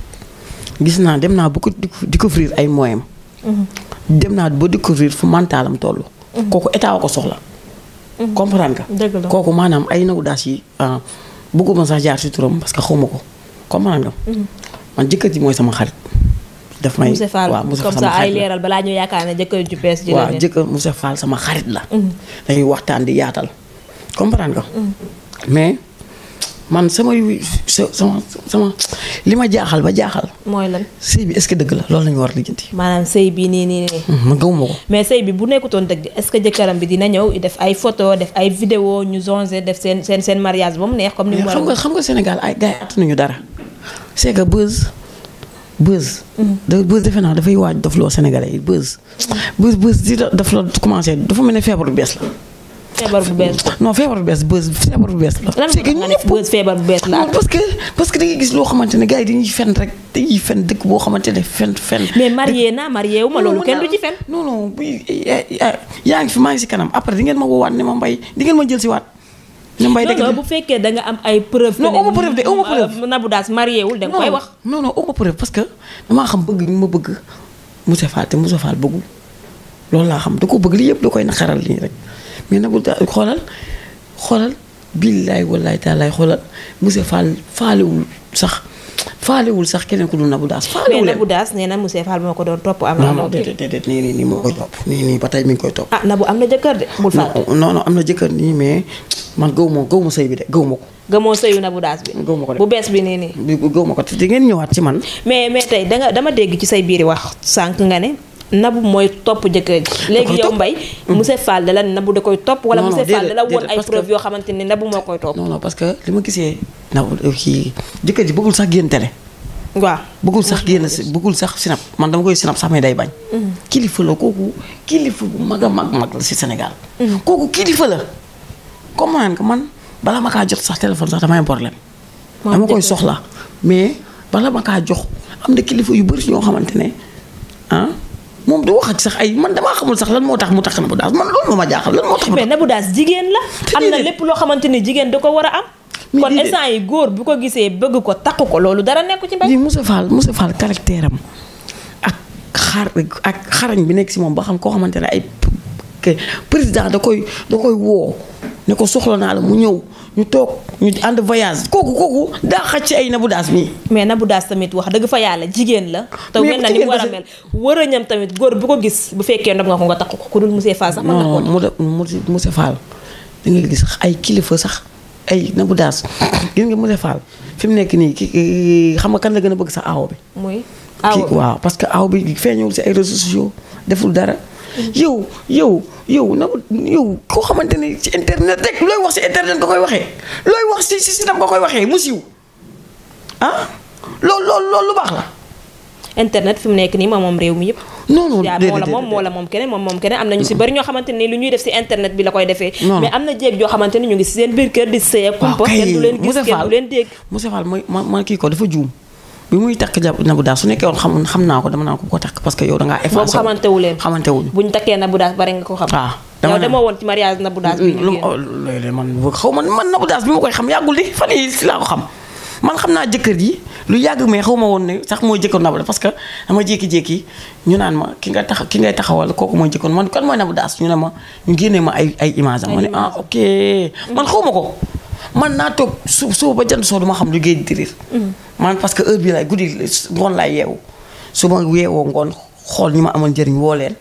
gis naa dem naa ba ko découvrir ay moyens mhm. dem naa ba découvrir fu mentalam toll. Mhm. kooku état wa ko soxla. Mhm. comprendre nga. kooku maanaam ay Nabou Daas yi ah, bëgguma sax jaar si turam parce que xawma ko comprendre nga. man jëkkër ji mooy sama xarit. daf may waaw Moussa Fall sama xarit la comme ça ay leeral balaa ñu yaakaar ne jëkkër ju bees. waaw jëkkër Moussa Fall sama xarit la. Mm-hmm. dañuy waxtaan di yaatal comprendre nga. Mm-hmm. mais man sama sama sama li ma jaaxal ba jaaxal. mooy lan sëy bi est-ce que dëgg la loolu la war a lijjanti. maanaam sëy bi nii nii ma mm-hmm, man gëmuma ko. mais sëy bi bu nekkutoon dëgg est-ce que jëkkëram bi dina ñëw def ay photo def ay vidéo ñu zongé def seen seen seen mariage ba mu neex comme ni mu war a. xam nga xam nga ay gars yi attanuñu dara c'est que buzz. da buzz defe o dafay waaj daf loo sénégalais yi buzz. buzz buzz di daf la commencé dafa o ne feebar bu bees la. feebar bu bees la non feebar bu bees buzz feebar bu é, la. lan buzz feebar bu bees la parce que parce que da ngay gis loo xamante é, gars yi dañuy fen rek dañuy fen dëkk boo é, ne fen fen. mais marié naa marié wu ma é, kenn du ci fen. non non yaa ngi fi é, ngi si kanam après di ngeen ma woowaat ne ma mbay di ngeen ma jël si waat. ñu mbay dëgg bu fekkee danga am ay preuve. non uma preuve de uma preuve. Nabou Dash marié wul da nga koy wax. non non uma preuve parce que damaa xam bëgg ñu ma bëgg Moussa Fall te Moussa Fall bëggul loolu laa xam da ko bëgg lii yëpp da koy naqaral lii rek mais Nabou Dash xoolal xoolal billaay wallaay taalaay xoolal Moussa Fall faalewul sax. faalewul sax keneen ku dul Nabou Daas. faalewul mais Nabou Daas nee na monsieur Fall ko doon topp. am na non non déedéet déedéet nii nii nii moo koy topp nii nii ba tey mi ngi koy topp. ah am na jëkkër de. bul fàtte nii mais man gëw ma gëw ma sëy bi de gëw ma ko. gëmoo sëyu Nabou Daas bi. gëw ma ko de bu bees bi nii nii. gëw ma ko di ngeen ñëwaat ci man. mais mais tey danga dama dégg ci say biiri wax sànq nga ne nabu mooy topp jëkkër ji léegi yow mbay hmm. monsieur Fall da la nabu da koy topp wala monsieur Fall da la woon ay preuve yoo xamante ne nabu moo koy topp non non parce que li ma gisee nabu euh, kii jëkkër ji bëggul sax génn télé waaw bëggul sax génn bëggul sax sinap man dama koy sinap sax may day bañ hmm. kilifa la kooku kilifa bu mag a mag mag la si Sénégal hmm. kooku kilifa la comprendre que man balaa ma kaa jot sax téléphone sax damay am problème dama koy soxla mais bala ma kaa jox am na kilifa yu bëri ñoo xamante ne ah moom du wax sax ay man damaa xamul sax lan moo tax mu tax Nabou Daas man loolu moo ma jaaxal lan moo tax. mu Nabou Daas jigéen la. am na lépp loo xamante ni jigéen da ko war a am. kon instant yi góor bu ko gisee bëgg ko takku ko loolu dara nekku ci mbay. lii Moussa Fall Moussa Fall caractère am ak xaar ak xarañ bi nekk si moom ba xam koo xamante ne ay président da koy da koy woo ne ko soxla naa la mu ñëw. ñu toog ñu ànd voyage kooku kooku daa xaj ay Nabou Dash mii. mais Nabou Dash tamit wax dëgg fa yàlla jigéen la. te mel na ni mu war a mel war a ñam tamit góor bu ko gis bu fekkee ndox nga ko nga takk ko ku dul monsieur Fall sax. mën nga ko non monsieur Fall da gis ay kilifa sax ay Nabou Dash gis nga monsieur Fall fi mu nekk nii ki xam nga kan la gën a bëgg sax aaw bi. muy aaw bi waaw parce que aaw bi feeñul si ay réseaux sociaux deful dara. yow yow yow na yow koo xamante ne ci internet rek looy wax ci internet nga koy waxee looy wax ci système nga koy waxee mu siiw ah loolu loolu loolu lu baax la. internet fi mu nekk nii moom moom réew mi yëpp. non non déedéet moo la moom moo la moom keneen moom moom keneen am na ñu si bëri ñoo xamante ne lu ñuy def si internet bi la koy defee. mais am na jéeg yoo xamante ne ñu ngi si seen biir kër di sëy ak kumpa kenn du leen gis kenn du leen dégg. Moussa Fall mooy ma ma kii ko dafa juum. bi muy takk Nabou su nekkee woon xam xam naa ko dama naa ko ko takk parce que yow da ngaa effacé boobu xamante wu ko ah, dama dama woon ci mariage Nabou Dash bi mm, man xaw man man Nabou Dash xam yàggul di fan yi si laa ko xam man xam naa jëkkër ji lu yàgg mais xaw ma woon ne sax mooy jëkkër Nabou Dash parce que dama jékki-jékki ñu naan ma ki nga tax ki ngay taxawal kooku mooy jëkkër man kan mooy Nabou Dash ñu ne ma ñu génnee ma ay ay image am ma ne ah ok man xaw ma ko man naa toog su suba ba jant soo duma xam lu géej di mm. man parce que heure bi laay guddi ngoon laay yeewu su ma yeewoo ngoon xool ñi ma amoon njëriñ woo leen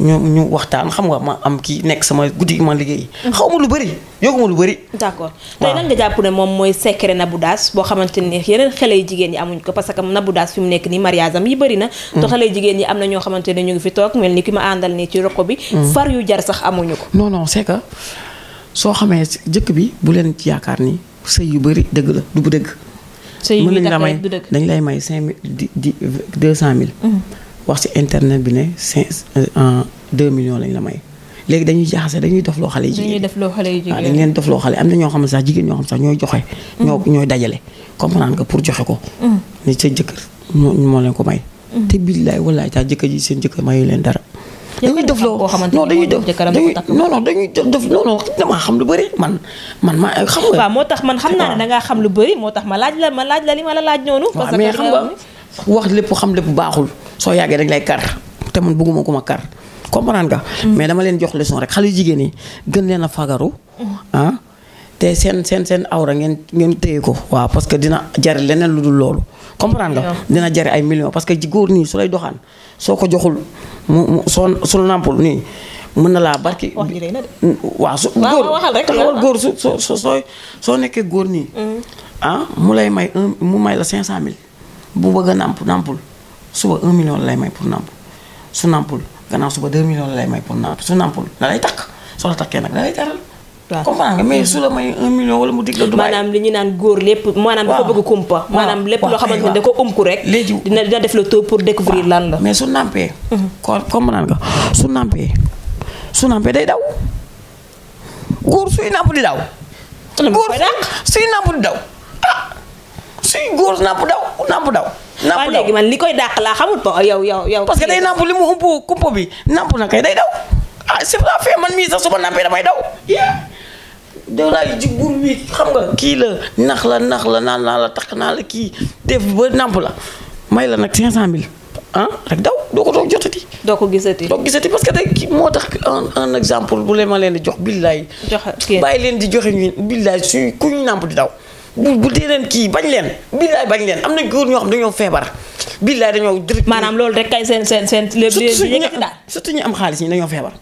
ñu ñu waxtaan xam nga ma am kii nekk sama guddi ma liggéey. Mm. xaw ma lu bëri yóbbu lu bëri. d'accord tey nan nga jàpp ne moom mooy secret Nabou Dash boo xamante ni yeneen xale yu jigéen ñi amuñ ko parce que Nabou Dash fi mu nekk nii mariage am yi bëri na. Mm. te xale jigéen ñi am na ñoo xamante ne ñu ngi fi toog mel ni ki ma àndal nii ci roq bi. far yu jar sax amuñu ko. non non c'est que soo xamee jëkk bi bu leen ci yaakaar ni sëy yu bëri dëgg la du bu dëgg. sëy yu la may dañ lay may cinq mille di di deux cent mille. Mhm. wax ci internet bi ne cinq euh, deux millions lañ la may. léegi dañuy jaxase dañuy def loo xale yi jigéen dañuy loo xale yi jigéen dañ leen def loo xale am na ñoo xam ne sax jigéen ñoo xam sax ñooy joxe. Mhm. ñoo ñooy dajale comprendre nga pour joxe ko. Mhm. ni sa jëkkër moo leen ko may. te billaay wallaay taa jëkkër ji seen jëkkër mayu leen dara. dañuy def loo non dañuy def dañuy non non dañuy def non non damaa xam lu bëri man man ma xam eh, nga. waaw moo man xam naa ne da ngaa xam lu bëri moo tax ma laaj la ma laaj la li ma la laaj noonu. parce que mais xam nga wax lépp xam lépp baaxul soo yàggee ya, dañ lay kar te man bëgguma ko kar comprendre hmm. nga. mais dama leen jox leçon rek xale jigéen yi gën leen a fagaru. Hmm. Ah, te seen sen, sen, awra ngeen ngeen téye ko. waaw parce que dina jar leneen lu dul loolu. comprendre nga dina jar ay million parce que ji góor nii su lay doxaan soo ko joxul mu mu soo su nàmpul nii mën na laa barki. waaw su góor taxawal góor su soo soo soo nekkee góor nii. Mm. ah mu lay may un mu may la 500000 bu bëgg a nàmp nàmpul suba 1 million la lay may pour nàmp su nàmpul gannaaw suba 2 millions la lay may pour nàmp su nàmpul da lay takk soo la takkee nag da lay jaral. waaw comprends nga mais su la un million wala mu dig la Dubaay. maanaam li ñu naan góor lépp. waaw maanaam dafa bëgg kumpa. maanaam lépp loo xamante ne da ko ëmb ko rek. léegi dina dina def le tour pour découvrir lan la. mais su nampee. kon comprendre su nampee day daw góor suy namp di daw. góor daw ah suy góor namp daw man li koy dàq laa xamul yow yow yow. parce que day namp li mu kay day daw ah c'est vrai man mii sax su ma damay daw. doolaay ji bur bi xam nga kii la nax la nax la naan naa la tax naa la kii def ba nàmp la may la nag 500000 ah rek daw doo ko doog jotati. doo ko gisati doo ko parce que tey kii moo tax exemple bu ma leen di jox billaay. joxe bàyyi leen di joxe ñu billaay suy ku ñu di daw. bu bu leen kii bañ leen bañ leen am na góor ñoo dañoo feebar. billaay dañoo direct. maanaam loolu rek kay seen seen seen. surtout ñu am xaalis ñi dañoo feebar.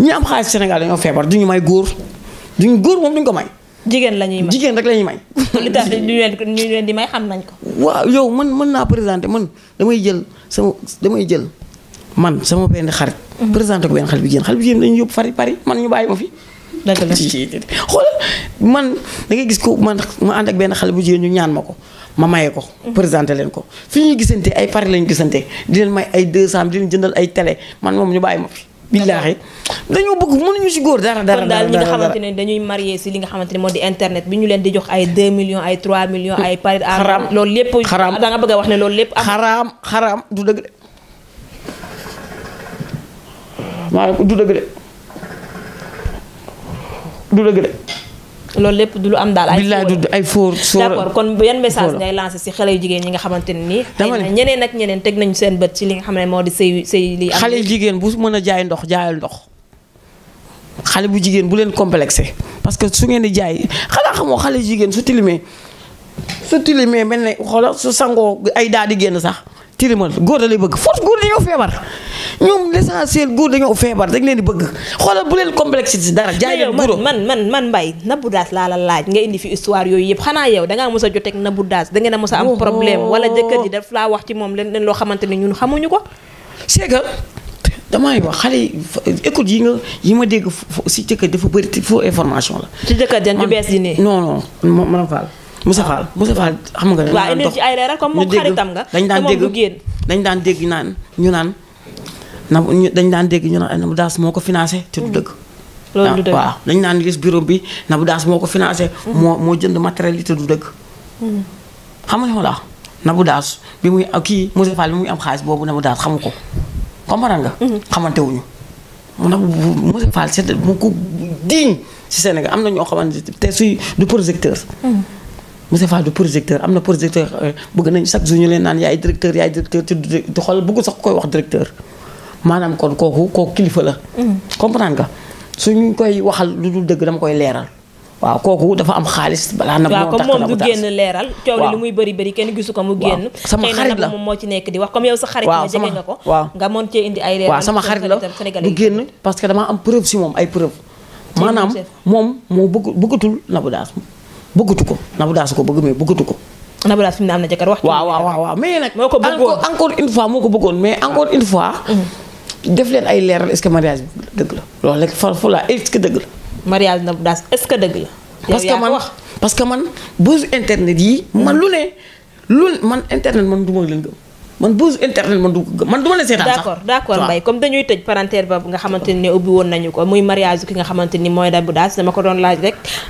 ñi am xaalis Sénégal dañoo feebar duñu may góor. duñ góor moom duñ ko may. jigéen la ñuy may jigéen rek la ñuy may. li tax ñu leen di may xam nañ ko. waaw yow man mën naa présenté man damay jël sama damay jël man sama benn xarit. Mhm. présenté ko benn xale bu jigéen xale bu jigéen dañuy yóbbu fari pari man ñu bàyyi ma fi. dëgg la xoolal man da ngay gis ko man ma ànd ak benn xale bu jigéen ñu ñaan ma ko ma maye ko. Mhm. présenté leen ko fi ñuy gisante ay pari lañu gisante di leen may ay 200 di leen jëndal ay tele man moom ñu bàyyi ma fi. billaahi dañoo bëgg mënuñu si góor dara dara. daal ñi nga xamante dañuy marié si li nga xamante ne moo di internet bi ñu leen di jox ay 2 millions ay 3 millions ay. par xaraam loolu lépp. xaraam da nga bëgg a wax ne loolu lépp. xaraam xaraam du dëgg de du dëgg de. loolu lépp du lu am daal. ay du ay fóor d'accord kon yan message ngay lancé si xale yu jigéen ñi nga xamante ne nii. dama ne ñeneen ak ñeneen teg nañu seen bët ci li nga xam ne moo di sëy sëy li am xale jigéen bu mën a jaay ndox jaayal ndox xale bu jigéen bu leen complexé parce que su ngeen di jaay xanaa xamoo xale jigéen su tilimee su tilimee mel ne xoola su sangoo ay daal di génn sax tirimal góor da lay bëgg force góor dañoo feebar ñoom l'essentiel góor dañoo feebar dañ leen di bëgg xoolal bu leen complexité si dara. jaay leen guro man man man Mbaye Nabou Dash laa la laaj nga indi fi histoire yooyu yëpp xanaa yow da ngaa mos a joteeg Nabou Dash da ngeen a mos a am problème wala jëkkër ji daf laa wax ci moom leen loo xamante ne ñun xamuñu ko. c'est que damay wax xale yi écoute yi nga yi ma dégg si jëkkër dafa bëri faux information la. ci jëkkër jan ju bees yi nii. non non mu Fall Moussa Fall xam nga. waaw énergie ay nga. dañ daan dégg dañ daan dégg naan ñu naan na dañ daan dégg ñu naan Nabou Dash moo ko financé te du mm-hmm. dëgg. loolu ah, du dëgg waaw dañ daan gis bureau bi Nabou Dash moo ko financé. Mm-hmm. moo moo jënd matériel yi te du dëgg. Mm-hmm. xam nga li ma la wax Nabou Dash bi muy kii Moussa Fall bi muy am xaalis boobu Nabou Dash xamu ko comprendre nga. xamante wuñu mu nag Moussa Fall c'est mu ko diiñ ci Sénégal am na ñoo xamante te suy du projecteur. Moustapha du projecteur am na projecteur euh, bëgg nañ chaque jour ñu leen naan yaay directeur yaay directeur ci di xool bëgg sax koy wax directeur maanaam kon kooku kooku kilifa la. Mm. comprendre nga suñu koy waxal lu dul dëgg dama koy leeral. waaw kooku dafa am xaalis balaa nag. moo tax moom du génn leeral. waaw coow muy bëri bëri kenn gisu ko mu génn. sama xarit la moom moo ci nekk di wax comme yow sa xarit. waaw sama jege nga ko nga mën cee indi ay. leeral sama xarit la du génn parce que dama am preuve si moom ay preuve maanaam moom moo bëgg bëggatul Nabou Dash bëggatu ko Nabou Dash ko bëgg mais bëggatu ko. Nabou Dash fi mu ne am na jëkkër waxtu. waaw waaw waaw mais nag. moo ko bëggoon encore une fois moo ko bëggoon mais encore une fois. Mm-hmm. def leen ay leeral est-ce que dëgg la loolu rek fa fa laa est-ce que dëgg la. mariage Nabou Dash est-ce que dëgg la. parce man parce man buzz internet yi. man lu ne lu man internet man duma leen gëm. man buzz internet man du man du ma la seetaan sax. d'accord d'accord Mbaye comme dañuy tëj parenthèse ba nga xamante ne ubbi woon nañu ko muy mariage ki nga xamante ni mooy Nabou Dash dama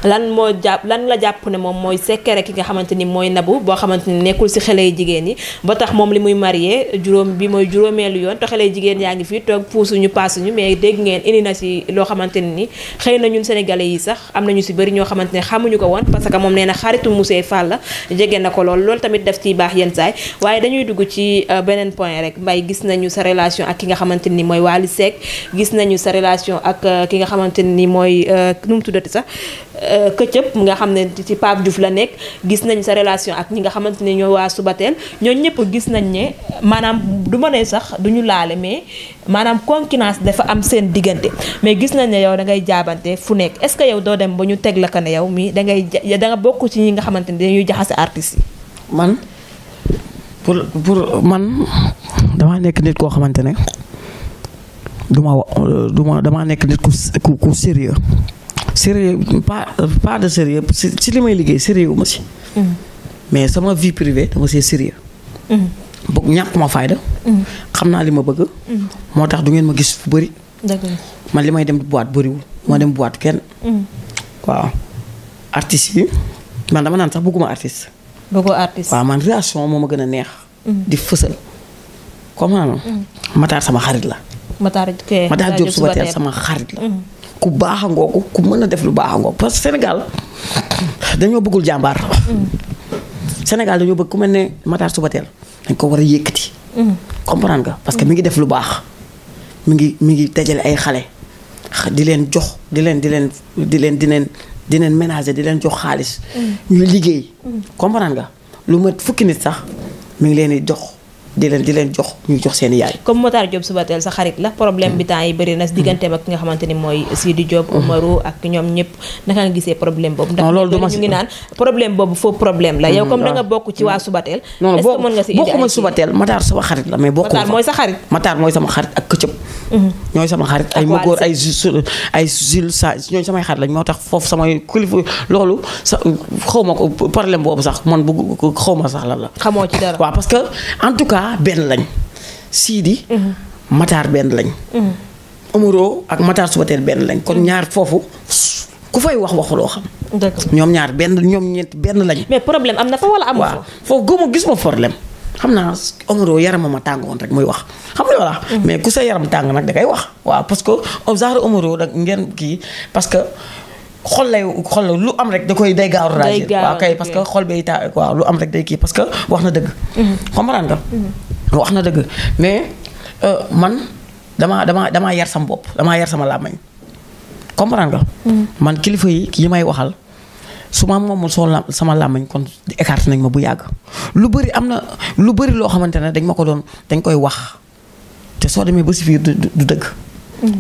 lan moo jàpp lan la jàpp ne moom mooy secret ki nga xamante ni mooy Nabou boo xamante ni nekkul si xale jigéen yi ba tax moom li muy marié juróom bi mooy juróomeelu yoon te jigéen yaa ngi fii toog puusuñu paasuñu mais dégg ngeen indi na si loo xamante ni xëy na ñun sénégalais yi sax am nañu si bëri ñoo xamante ne xamuñu ko woon parce que moom nee na xaritu Moussé Fall la jege na ko lool loolu tamit daf ciy baax yenn saay Euh, beneen point rek mbay gis nañu sa relation ak ki nga xamante ni mooy Wally Seck gis nañu sa relation euh, ki nga xamante ni mooy euh, nu mu tuddati sax këccëb nga xam ne ci Pape Diouf la nekk gis nañu sa relation ak ñi nga xamante ni ñooy waa suba teel ñooñu ñëpp gis nañ ne maanaam du ma ne sax du ñu laale mais maanaam concurrence dafa am seen diggante mais gis nañ ne yow da ngay jaabante fu nekk est-ce que yow doo dem ba ñu teg la ko ne yow mi da ngay da nga ci ñi nga xamante ni dañuy jaxase artistes yi man. pour pour man damaa nekk nit koo xamante ne du ma euh, du damaa nekk nit ku ku sérieux sérieux pas de sérieux si li may liggéey sérieux wu ma si mm-hmm. mais sama vie privée dama see sérieux bokk ñàkk ma xam naa li ma bëgg mm-hmm. moo tax du ngeen ma gis fu bëri man li may dem boîte bëriwul ma dem boîte kenn mm-hmm. waaw artiste yi man dama naan sax bëgguma artiste waaw man relation moo ma gën a neex di fësal comprendre mm. mataar sama xarit la mataar Diop suba teel sama xarit la mm. ku baax a ngoogu ku mën a def lu baax a ngoogu parce que Sénégal dañoo bëggul jàmbaar mm. Sénégal dañoo bëgg ku mel ne mataar suba teel dañ ko war a yëkkati comprendre nga parce que mi ngi def lu baax mu ngi mi ngi dajale ay xale di leen jox di leen di leen di leen di leen di leen ménager di leen jox xaalis ñuy liggéey comprendre nga lu mat fukki nit sax mi ngi leen di jox di leen di leen jox ñuy jox seen yaay. comme Matar Diop Subatel sa xarit la problème bi mm. temps yi bëri na digganteem ak nga xamante ni mooy Sidi Diop. Mm. Umaru ak ñoom ñëpp naka nga gisee problème boobu. Mm, da nga bokk ci waa Subatel. est-ce que mën nga si indi non bokkuma Subatel Matar sama xarit la mais. bokkuma Matar sa xarit. Matar mooy sama xarit ak Këcëb. Mm-hmm. ñooy sama xarit ay Magor ay ko sax man bu xaw ma sax la la. xamoo ci dara waaw parce en tout cas A benn lañ Sidi. Matar benn lañ. Omaro ak Matar Subatel benn lañ kon ñaar foofu ku fay wax waxuloo xam. ñoom ñaar benn ñoom ñeent benn lañ. mais problème am na fa wala amu fa. waaw foofu gëmu gis ma problème. xam naa Omaro yaramam a tàngoon rek muy wax xam nga walla mm-hmm. mais ku sa yaram tàng nag da kay wax waaw parce que genre Omaro da ngeen kii parce xol lay xol lu am rek da koy day gaaw a ranger waaw kay parce que xol bay taa waaw lu am rek day kii parce que wax na dëgg. Mhm. comprendre nga. Mhm. wax na dëgg mais euh, man damaa damaa damaa yar sama bopp damaa yar sama làmmañ comprendre mhm. man kilifa yi ki may waxal. su ma moomul soo sama làmmañ kon écarté nañ ma bu yàgg lu bari am na lu bëri loo xamante ne dañ ma ko doon dañ koy wax te soo demee ba si biir du dëgg.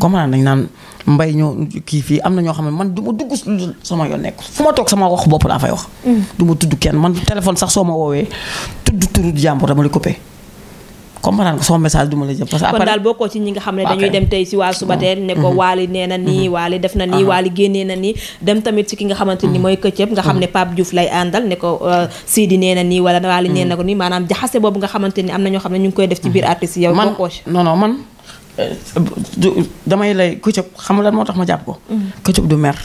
comprendre nañ naan. mbay ñoo kii fi am na ñoo xam ne man du ma dugg sama yoon nekk fu ma toog sama wax bopp laa fay wax. Mm. du ma tudd kenn man téléphone sax soo ma woowee tudd turu jàmbur dama la coupé. comprendre nga sama message du ma la jëm parce que. après kon ci ñi nga xam ne dañuy dem tay si waa Subatel. Mm. ne ko mm-hmm. waali nee na nii mm-hmm. waali def na nii uh-huh. waali génnee na nii. dem tamit ci ki nga xamante ni mm-hmm. mooy këccëb nga xam ne Pape Diouf lay àndal ne ko uh, Sidi nee na nii wala waali nee na ko nii maanaam jaxase boobu nga xamante ni am na ñoo xam ne ñu ngi koy def ci biir artiste yow. bokkoo ci man non non man. Euh, damay lay Ketchup xam lan moo tax ma jàpp ko. Mm-hmm. Ketchup du mer.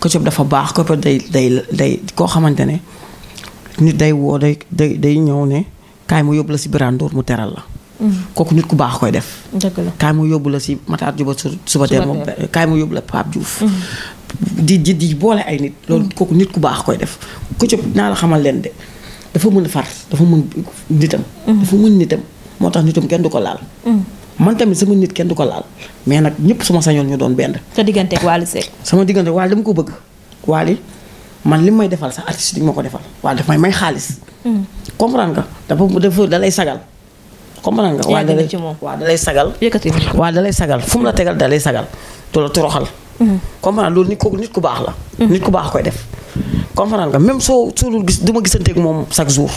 Ketchup dafa baax Ketchup day day day koo xamante ne nit day woo day day day ñëw ne kaay si birandoor mu teral la. Mm-hmm. kooku ku baax koy def. dëgg la kaay mu yóbbu la si Matar Juba suba teel moom kaay mu yóbbu la Pape Diouf. Mm-hmm. di di di boole ay nit. loolu kooku nit ku baax koy def Ketchup naa la xamal leen de. dafa mën far dafa mën nitam. dafa mën nitam moo tax nitam kenn du ko laal. man tamit sama nit kenn du ko laal mais nag ñëpp suma sañoon ñu doon benn. sa diggante ak Wally Seck. sama diggante ak Wally dama ko bëgg. Wally man li may defal sax artiste yi ma ko defal waaye daf may may xaalis. Hmm. comprendre nga dafa dafa da lay sagal. comprendre nga waaye da lay waaw da lay sagal. yëkkati waaw da lay sagal fu mu la tegal da lay sagal. du la toroxal. Hmm. comprendre loolu nit ku nit ku baax la. Hmm. nit ku baax koy def. comprendre nga même soo soo dul gis du ma gisanteeg moom chaque jour.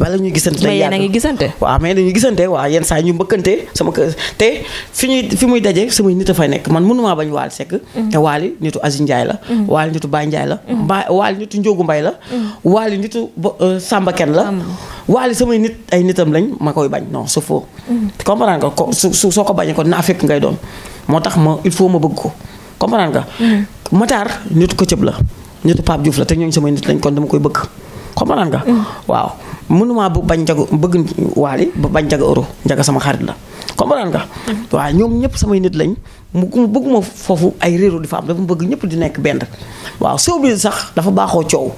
bala ñuy gisante day yàgg mais yéen a gisante. waaw mais dañuy gisante waaw yenn saa ñu mbëkkante sama kër te fi ñuy fi muy daje samay nit a fay nekk man mënumaa bañ Waly Seck. Mhm. te Waly nitu Aziz Ndiaye la. Mhm. Waly nitu Baye la. Mhm. Ba Waly nitu Ndiogu Mbaye la. Waly nitu euh, Samba Ken la. Waly samay nit ay nitam lañ ma koy bañ non c'est faux. comprendre ko su soo ko bañee ko naa fekk ngay doon moo tax ma il faut ma bëgg ko comprendre nga. Matar nitu këcëb la. nitu Pape Diouf la te ñooñu samay nit lañ kon dama koy bëgg comprendre nga. Mm. waaw mënumaa bu bañ njaga bëgg waali ba bañ njaga euro njaga sama xarit la comprendre nga. Mm. waaw ñoom ñëpp samay nit lañ mu bëgguma foofu ay réeru di fa am dafa bëgg ñëpp di nekk benn waaw soo bi sax dafa baaxoo coow.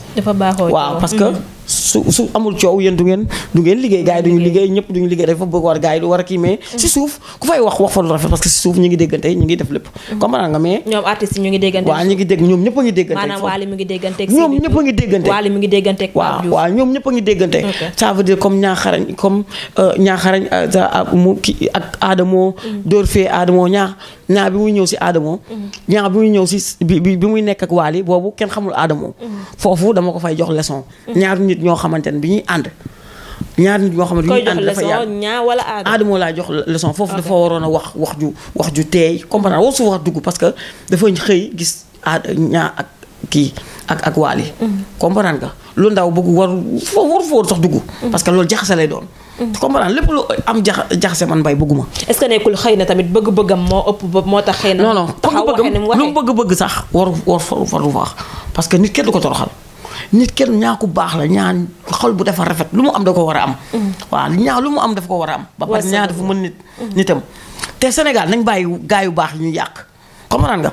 waaw parce que mm-hmm. su su amul coow yéen du ngeen du ngeen liggéey gars yi duñu liggéey ñëpp duñu liggéey dafa bëgg war gars yi du war a kii mais mm-hmm. si suuf ku fay wax wax fa lu rafet parce que suuf mm-hmm. ñu ngi déggante ñu ngi def lépp comprendre nga mais ñu ngi dégg ñoom ñëpp a ngi déggante a comme ñaaxarañ comme ñaaxarañ euh, euh, ak aadamoo dóor fee aadamoo ñaax ñaa bi muy ñëw si Adamo ñaa bi muy ñëw si bi bi muy nekk ak Wally boobu kenn xamul Adamo foofu dama ko fay jox leçon ñaari nit ñoo xamante ne bi ñuy ànd ñaar nit ñoo xam ne du ñu ànd dafa yàgg wala aadama laa jox leçon foofu dafa waroon a wax wax ju teey comprendre woo su wax dugg parce dafa xëy gis aad ñaa ak kii ak ak waali mhm. comprendre nga lu ndaw bëgg war war foo war sax dugg mhm. parce que loolu jaxase lay doon mhm. comprendre lépp lu am jax jaxase man mbay bëgguma est-ce que nekkul xëy na tamit bëgg-bëggam moo ëpp ba moo tax xëy na non non bëgg-bëggam lu mu bëgg-bëgg sax war war faru wax parce que nit kenn du ko toroxal nit kenn ñaa ku baax la ñaan xol bu dafa rafet lu mu am da ko war a am waa ñaa lu mu am dafa ko war a am ba pare ñaa dafa mën nit nitam te Sénégal nañ bàyyi gaay yu baax yi yàq comprendre nga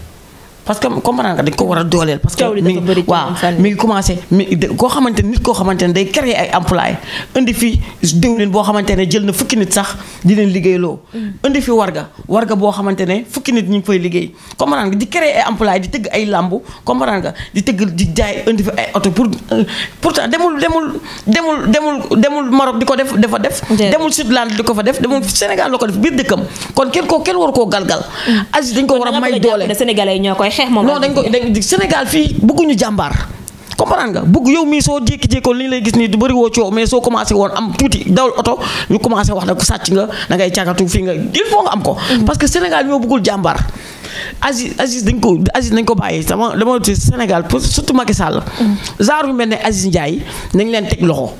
parce que comprendre nga dañ ko war a dooleel. parce que mi ngi waaw mi ngi commencé mi koo xamante nit koo xamante ne day créer ay employé indi fi diwlin boo xamante ne jël na fukki nit sax di leen liggéeyloo. Mm. indi fi war ga war ga boo xamante ne fukki nit ñu ngi koy liggéey comprendre nga di créer ay employé di tëgg ay làmbu comprendre nga di tëgg di jaay indi fi ay oto pour euh, pourtant demul demul demul demul demul Maroc di ko def dafa def. demul def demul def biir dëkkam kon kenn koo kenn waru koo galgal. Mm. asi ko war a may doole xeex moom non dañ ko dañ Sénégal fii bëgguñu jàmbaar comprendre nga bëgg yow mii soo jékki-jékkoon li ñu lay gis nii du bëri woo coow mais soo commencé woon am tuuti dawal oto ñu commencé wax nag sàcc nga da ngay càkkatu fii nga il faut nga am ko mm-hmm. parce que Sénégal ñoo bëggul jàmbaar Aziz Aziz dañ ko Aziz nañ ko bàyyi sama dama Sénégal surtout Macky Sall mm-hmm. genre yu mel Aziz Ndiaye nañ leen teg loxo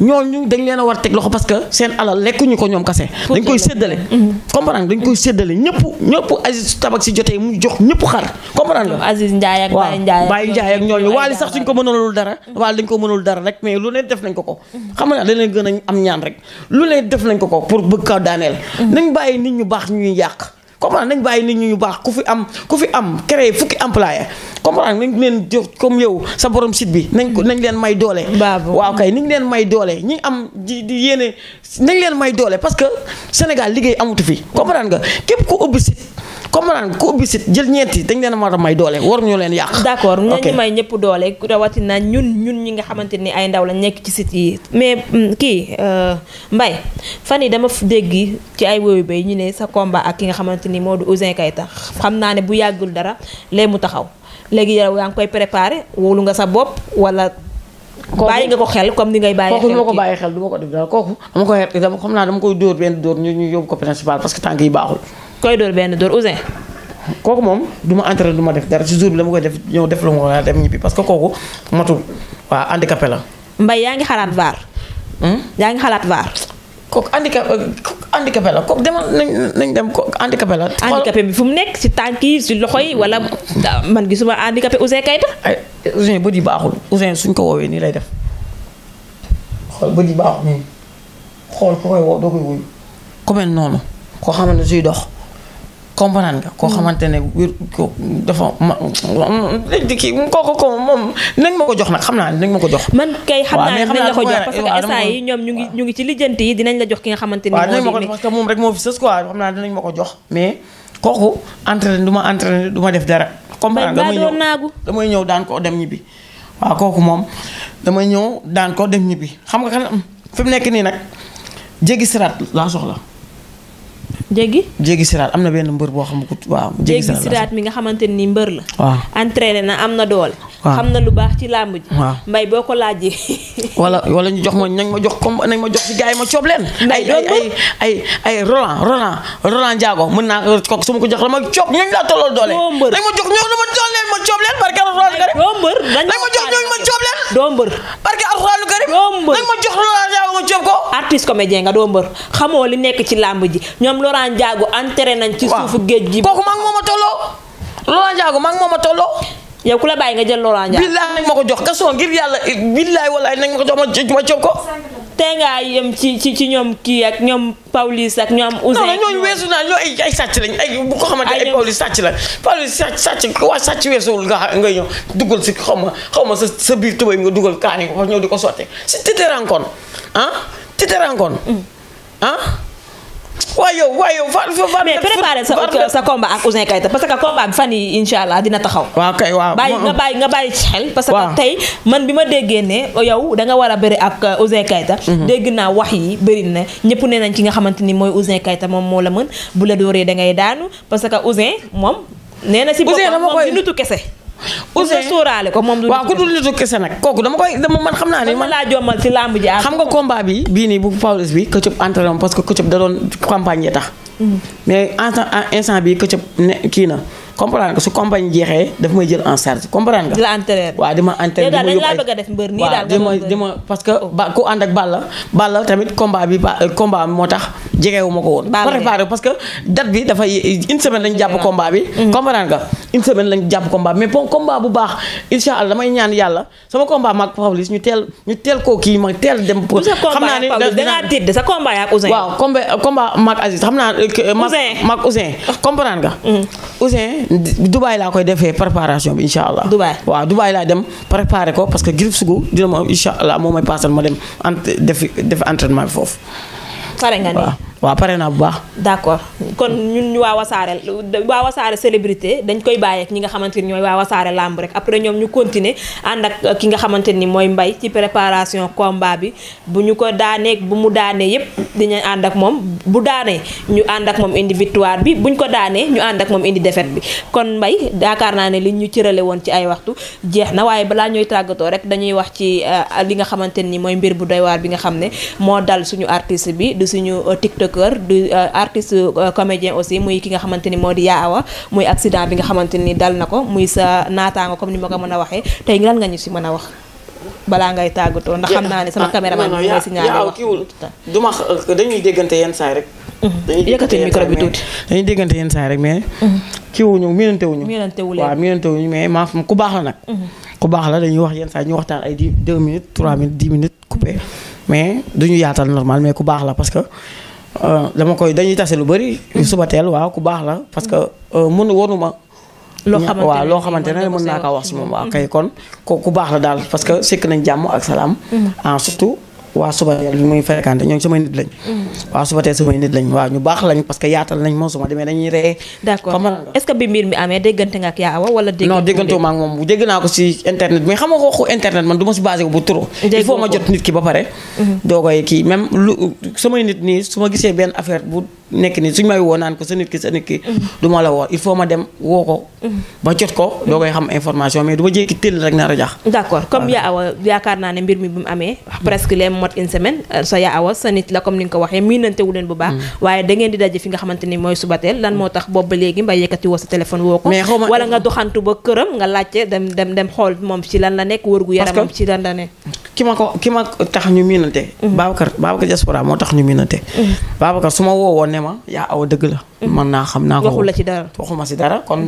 ñooñu dañ leen a war teg loxo parce que seen alal lekkuñu ko ñoom kase dañ koy séddale mhm. comprendre dañ koy séddale ñëpp ñëpp Aziz Tabak si jotee mu jox ñëpp xar comprendre nga Aziz Ndiaye ak Baye Ndiaye Baye Ndiaye ak ñooñu waali sax suñ ko mënalul dara mhm. waali dañ ko mënul dara rek mais lu leen def nañ ko ko mhm. xam nga dañ leen gën a am ñaan rek lu leen def nañ ko ko pour bëgg kaw daaneel nañ bàyyi nit ñu baax ñuy yàq comprendre nañ bàyyi nit ñi ñu baax ku fi am ku fi am créé fukki employé comprendre nañ leen jox comme yow sa borom site bi nañ ko nañ leen may doole. waaw kay nañ leen may doole ñi am di di yéene nañ leen may doole parce que Sénégal liggéey amatu fi comprendre nga képp ku ubbi site. comme naan ku ubbi sit jël ñeenti dañ leen a war a may doole waruñu leen yàq. d' accord ñu may ñëpp doole rawatina ñun ñun ñi nga xamante ni ay ndaw la nekk ci sit yi mais mm, kii euh, mbay fan yi dama dégg ci ay wooyu bay ñu ne sa combat ak ki nga xamante ni moo di Ouzin xam naa ne bu yàggul dara lee mu taxaw léegi yow yaa koy préparé wóolu nga sa bopp wala. kooku bàyyi nga ko xel du ma ko bàyyi xel du ma ko def xam naa dama koy dóor benn dóor ñu ñu yóbbu ko principal parce que tànk yi baaxul. koy dóor benn dóor kooku moom du ma entraîné du ma def dara ci jour bi dama koy def ñoo def lu ma dem ñibbi parce que kooku matul waa handicapé la. Mbaye yaa ngi xalaat vaar. Hmm? yaa ngi xalaat vaar. kooku handicapé euh, handicapé la kooku demal nañ nañ dem kooku handicapé la. handicapé bi fu mu nekk si tànk yi si loxo yi wala man gisuma handicapé Ouzin Keita. ay Ouzin bët yi baaxul Ouzin suñ ko woowee nii lay def xool bët yi baaxul nii xool ku koy woo ku mel noonu koo xam ne suy dox. comprendre nga. koo mm. xamante ne wér ko dafa ma kii kooku ko moom nañ ma ko jox nag xam naa nañ ma ko jox. man kay xam naa dinañ ko jox parce que ñoom ñu ñu ngi ci lijjanti yi dinañ la jox ki nga xamante ni. waaw dinañ ma ko jox parce que moom rek moo fi sës quoi xam naa dinañ ma ko jox mais. kooku entraîné du ma entraîné du ma def dara. comprendre damay ñëw damay ñëw daan ko dem ñibbi. waaw kooku moom damay ñëw daan ko dem ñibbi xam nga kan fi mu nekk nii nag jéggi siraat laa soxla. jéggi jéggi siraat am benn mbeur bo xam ko waaw jéggi sirat mi nga xamanteni ni mbeur la waaw entraîné na amna dool xamna lu bax ci lamb ji mbay boko laaji wala wala ñu jox mo ñang ma jox kom nañ ma jox ci gaay ma ciob len ay ay ay ay Roland Roland Roland jago mën na ko suma ko jox la ma ciob ñooñu la tolol doole nañ ma jox ñooñu ma jox len ma ciob len barke Roland Karim doo mbër nañ ma jox ñooñu ma ciob len do mbeur barke Roland Karim doo mbër nañ ma jox Roland jago ma ciob ko artiste comédien nga do mbeur xamoo li nekk ci lamb ji ñom Laurent Ndiago entré nañ. ci suufu géej gi. kooku maa ngi moom a tolloo. Laurent Ndiago maa ngi moom a tolloo. yow ku la bàyyi nga jël Laurent Ndiago. billaay nañ ma ko jox kaso ngir yàlla billaay walaay nañ ma ko jox ma ma ko. tey ngaa yem ci ci ci ñoom kii ak ñoom Paulis ak ñoom. Ousseyn non ñooñu weesu naa ñoo ay ay sàcc lañ ay bu ko xamante ay Paulis sàcc la Paulis sàcc sàcc waa sàcc weesuwul nga nga ñëw dugal si xaw ma xaw ma sa sa biir tubay nga dugal kaani ko fa ñëw di ko sotte si tite rencontre ah tite mm. ah? waaw yow waaw yow va va mais sa sa combat ak Ouzin Keita que combat bi fan yii incha allah dina taxaw. waaw kay waaw bàyyi nga bàyyi nga bàyyi ci xel. parce que tey man bi ma déggee ne yow da war a bëri ak euh, Ouzin Keita. Mhm. dégg naa wax yi bëri na ñëpp nee nañ ci nga xamante ni mooy Ouzin Keita moom moo la mën bu la dooree da ngay daanu parce que Ouzin moom. nee na si boppam moom di nutu kese. Ouzin sóoraale ko moom. waaw ku dul nitu kese nag kooku dama koy dama man xam naa ne. man laa jommal ci làmb ji xam nga combat bi bii nii bu Pawlish bi këccëg entraînement parce que këccëg da doon campagne yi tax. Mm. mais instant instant bii këccëg ne kii na. comprendre nga su campagne jeexee daf may jël en charge comprendre nga. di la entraîner waaw di ma entraîner. di ma yóbbu ay bëgg a def mbër nii daal di ma di ma parce que ba ku ànd ak Balla. Balla tamit combat bi ba euh, combat bi moo tax jegewu ma ko woon. préparé parce que date bi dafay une semaine lañu jàpp combat bi. Mm-hmm. comprendre nga une semaine lañu jàpp combat mais bon combat bu baax incha allah damay ñaan yàlla sama combat maag Pawlish ñu teel ñu teel koo kii ma teel dem. pour xam naa ne da ngaa tiit de sa combat yaa ak Ouzin. waaw combat combat maag Aziz xam naa. Euh, Ouzin maag Ouzin comprendre nga. Mm-hmm. Ouzin Dubaay laa koy defee préparation bi incha allah. Dubaay waaw Dubaay laa dem préparer ko parce que Griff Sougou dina ma incha allah moom may paasal ma dem ent def def entraînement bi foofu. pare nga nii waa pare naa bu baax d' kon ñun waa wasaare waa wasaare célébrité dañ koy bàyyi ak ñi nga xamante ni ñooy waa wasaare làmb rek après ñoom ñu continuer ànd ak ki nga xamante ni mooy mbay ci préparation combat bi bu ñu ko daanee bu mu daanee yépp dinañ ànd ak moom bu daanee ñu ak indi bi buñ ko daanee ñu ànd ak indi défaite bi kon mbay dakar naa ne li ñu cërale woon ci ay waxtu jeex na waaye balaa ñooy tàggatoo rek dañuy wax ci euh, li nga xamante ni mbir bu doy bi nga xam ne dal suñu artiste bi du suñu euh, tiktok cœur du euh, artiste euh, comédien aussi muy ki nga xamante ni moo di Yaa Awa muy accident bi nga xamante ni dal na ko muy sa naataango comme ni ma ko mën a waxee tey lan nga ñu si mën a wax balaa ah, dañuy déggante yenn saay rek mhm. yëkkati micro bi tuuti dañuy déggante yenn saay rek mais mhm. kiiwuñu miinante wuñu waaw miinante wuñu mais maa ku baax la nag mhm. ku baax la dañuy wax yenn saay ñu waxtaan ay 2 minutes 3 minutes coupé mais duñu yaatal normal mais ku baax la parce Euh, dama koy dañuy tase lu bëri. suba teel waaw ku baax la parce que euh, mënu waruma. loo xamante ne waaw loo xamante ne mën naa kaa wax si moom waaw mm-hmm. kay kon ku baax la daal parce que sekk nañ jàmm ak salaam. Mm-hmm. Ah, surtout. waa Subateel bi muy fréquenté ñooñu samay nit lañ. Mm. waa Subateel samay nit lañ waaw ñu baax lañ parce yaatal nañ moom su demee dañuy ree. d'accord est bi mbir mi amee déggante nga ak yaa awa wala. déggante non ak moom dégg naa ko si internet mais xam nga waxu internet man du ma si basé bu trop. il faut ma jot nit ki ba pare. Mm-hmm. doo koy kii même lu samay nit nii su ma gisee benn affaire bu. nekk nii suñ may woo naan ko sa nit ki sa nit ki. Mm-hmm. du la woo il faut ma dem woo ko. ba jot ko doo koy xam information mais du ma jékki tëll rek nar a jax. d' accord comme yaa awa yaakaar naa ne mbir mi bi mu amee. presque les mot une semaine euh, sa yaa awa la comme ni nga ko waxee miinante wu leen bu baax. Mm. waaye da ngeen di daje fi nga xamante ni mooy subateel lan moo tax boobu ba léegi mbay yëkkati woo sa téléphone woo ko. wala nga doxantu ba këram nga laajte dem dem dem xool moom ci lan la nekk wër gu yaram moom ci lan la nekk. ki ma ko ki ma tax ñu miinante. Mm-hmm. Babacar Babacar diaspora moo tax ñu miinante. Mm-hmm. Babacar ne ma yaa aw dëgg la. Mm-hmm. mën naa xam naa ko waxu la ci dara waxuma si dara kon